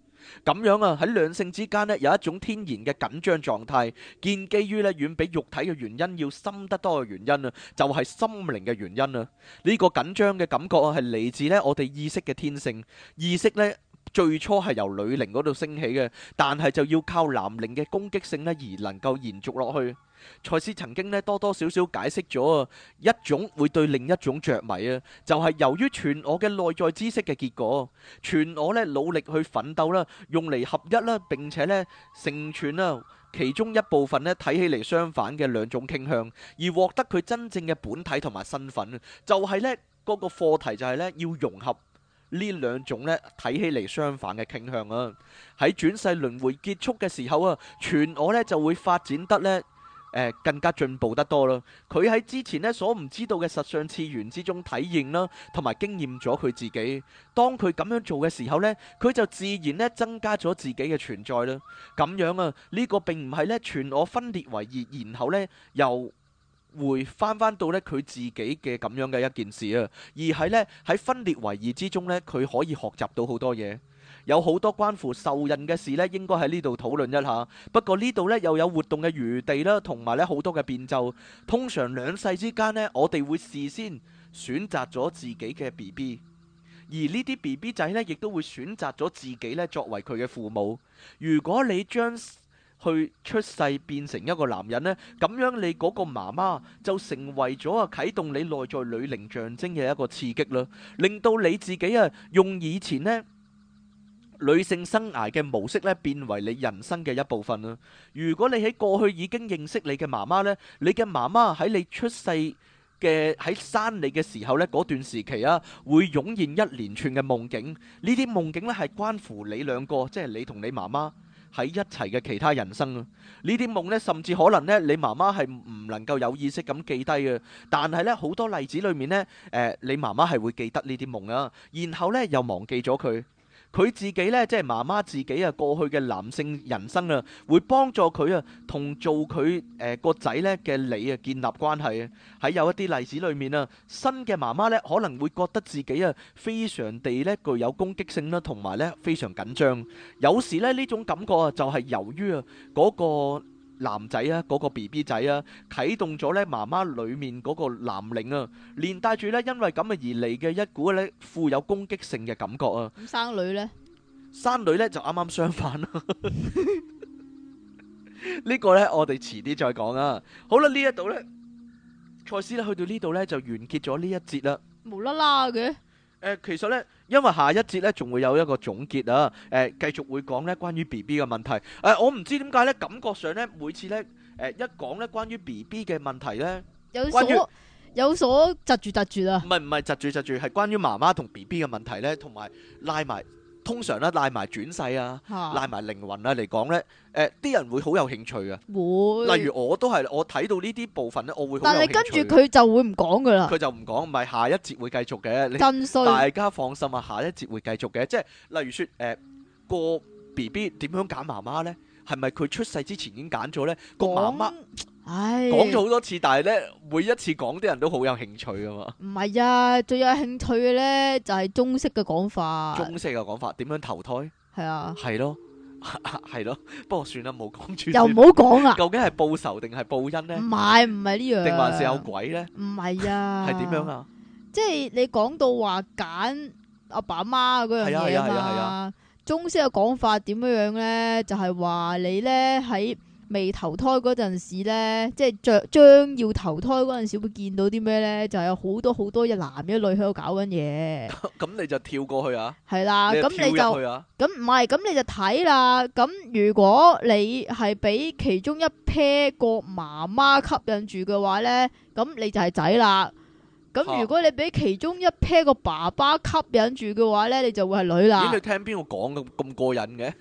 咁樣啊喺兩性之間呢有一種天然嘅緊張狀態，建基於呢遠比肉體嘅原因要深得多嘅原因啊，就係心靈嘅原因啊！呢個緊張嘅感覺啊係嚟自呢我哋意識嘅天性，意識呢。最初係由女靈嗰度升起嘅，但係就要靠男靈嘅攻擊性呢而能夠延續落去。賽斯曾經呢多多少少解釋咗一種會對另一種著迷啊，就係由於全我嘅內在知識嘅結果，全我呢努力去奮鬥啦，用嚟合一啦，並且呢成全啦其中一部分呢睇起嚟相反嘅兩種傾向，而獲得佢真正嘅本體同埋身份，就係呢嗰個課題就係呢要融合。呢兩種呢睇起嚟相反嘅傾向啊，喺轉世輪迴結束嘅時候啊，全我呢就會發展得呢、呃、更加進步得多啦。佢喺之前呢所唔知道嘅實相次元之中體驗啦，同埋經驗咗佢自己。當佢咁樣做嘅時候呢，佢就自然呢增加咗自己嘅存在啦。咁樣啊，呢、呢個並唔係呢全我分裂為二，然後呢又，由會翻翻到呢，佢自己嘅咁樣嘅一件事啊，而係呢，喺分裂為二之中呢，佢可以學習到好多嘢，有好多關乎受孕嘅事呢，應該喺呢度討論一下。不過呢度呢，又有活動嘅餘地啦，同埋呢好多嘅變奏。通常兩世之間呢，我哋會事先選擇咗自己嘅 B B，而呢啲 B B 仔呢，亦都會選擇咗自己呢作為佢嘅父母。如果你將去出世變成一個男人呢，咁樣你嗰個媽媽就成為咗啊啟動你內在女靈象徵嘅一個刺激啦，令到你自己啊用以前呢女性生涯嘅模式咧變為你人生嘅一部分啦。如果你喺過去已經認識你嘅媽媽呢，你嘅媽媽喺你出世嘅喺生你嘅時候呢嗰段時期啊，會湧現一連串嘅夢境，呢啲夢境呢，係關乎你兩個，即係你同你媽媽。喺一齊嘅其他人生咯，呢啲夢咧，甚至可能咧，你媽媽係唔能夠有意識咁記低嘅，但係咧好多例子裏面咧，誒、呃、你媽媽係會記得呢啲夢啊，然後咧又忘記咗佢。佢自己呢，即係媽媽自己啊，過去嘅男性人生啊，會幫助佢啊，同做佢誒、呃、個仔呢嘅你啊建立關係啊。喺有一啲例子裏面啊，新嘅媽媽呢可能會覺得自己啊非常地呢具有攻擊性啦，同埋呢非常緊張。有時呢，呢種感覺啊，就係由於啊、那、嗰個。男啊、那個、仔啊，嗰個 B B 仔啊，啟動咗呢媽媽裏面嗰個男靈啊，連帶住呢，因為咁啊而嚟嘅一股呢，富有攻擊性嘅感覺啊。咁生女呢？生女呢，就啱啱相反咯。呢個呢，我哋遲啲再講啊。好啦，呢一度呢，賽斯呢去到呢度呢，就完結咗呢一節啦。無啦啦嘅。誒、呃，其實咧，因為下一節咧仲會有一個總結啊，誒、呃，繼續會講咧關於 BB 嘅問題。誒、呃，我唔知點解咧，感覺上咧每次咧，誒、呃，一講咧關於 BB 嘅問題咧，有有所窒住窒住啊！唔係唔係窒住窒住，係關於媽媽同 BB 嘅問題咧，同埋拉埋。通常咧，賴埋轉世啊，賴埋、啊、靈魂啊嚟講咧，誒、呃、啲人會好有興趣啊。會，例如我都係我睇到呢啲部分咧，我會好興趣。但係跟住佢就會唔講噶啦。佢就唔講，唔係下一節會繼續嘅。真衰歲！大家放心啊，下一節會繼續嘅，即係例如説，誒、呃、那個 B B 點樣揀媽媽咧？係咪佢出世之前已經揀咗咧？講說。個媽媽？唉講咗好多次，但係咧，每一次講啲人都好有興趣㗎嘛。唔係啊，最有興趣嘅咧就係、是、中式嘅講法。中式嘅講法點樣投胎？係啊。係是咯，係 咯。不過算啦，冇講出。又唔好講啊！究竟係報仇定係報恩咧？唔係，唔係呢樣。定還是有鬼咧？唔係啊。係點 樣爸爸媽媽啊？即係你講到話揀阿爸阿媽嗰樣嘢啊？係啊，係啊，係啊。中式嘅講法點樣樣咧？就係、是、話你咧喺。未投胎嗰陣時咧，即係着將要投胎嗰陣時，會見到啲咩咧？就係、有好多好多一男一女喺度搞緊嘢。咁你就跳過去啊？係啦，咁你就咁唔係，咁你就睇、嗯嗯嗯、啦。咁、嗯、如果你係俾其中一 pair 個媽媽吸引住嘅話咧，咁你就係仔啦。咁、嗯啊、如果你俾其中一 pair 個爸爸吸引住嘅話咧，你就會係女啦。咁你聽邊個講咁咁過癮嘅？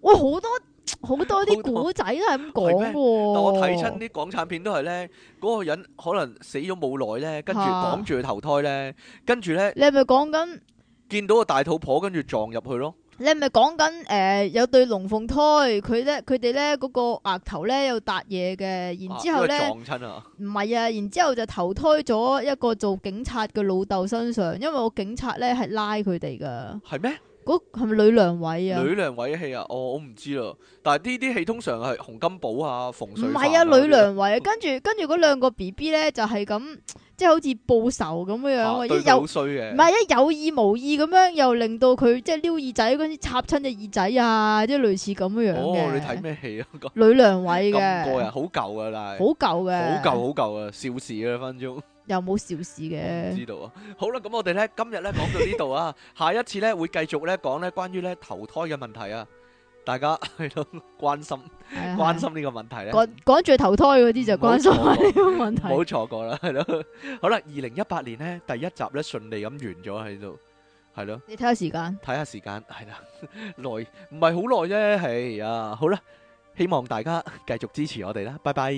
哇，好多！好多啲古仔都係咁講喎，但我睇親啲港產片都係咧，嗰、那個人可能死咗冇耐咧，跟住綁住去投胎咧，啊、跟住咧。你係咪講緊見到個大肚婆跟住撞入去咯？你係咪講緊誒有對龍鳳胎，佢咧佢哋咧嗰個額頭咧有笪嘢嘅，然之後咧撞親啊？唔係啊，然之後就投胎咗一個做警察嘅老豆身上，因為個警察咧係拉佢哋噶。係咩？嗰係咪呂良偉啊？呂良偉戲啊，哦、我我唔知啊。但係呢啲戲通常係洪金寶啊、馮。唔係啊，呂良偉、啊， 跟住跟住嗰兩個 B B 咧，就係、是、咁，即、就、係、是、好似報仇咁樣樣，一有衰嘅，唔係一有意無意咁樣，又令到佢即係撩耳仔，嗰啲插親隻耳仔啊，即、就、係、是、類似咁樣樣、哦。你睇咩戲啊？呂良偉嘅，個人好舊噶，但係好舊嘅，好舊好舊啊，笑死啦，反正。 有冇小事嘅？唔知道啊！好啦，咁我哋咧今日咧講到呢度啊，下一次咧會繼續咧講咧關於咧投胎嘅問題啊，大家係囉關心關心呢個問題咧。講講住投胎嗰啲就關心呢個問題，唔好錯過啦，係咯。好啦，二零一八年咧第一集咧順利咁完咗喺度，係咯。你睇下時間，睇下時間係啦，耐唔係好耐啫，係啊。好啦，希望大家繼續支持我哋啦，拜拜。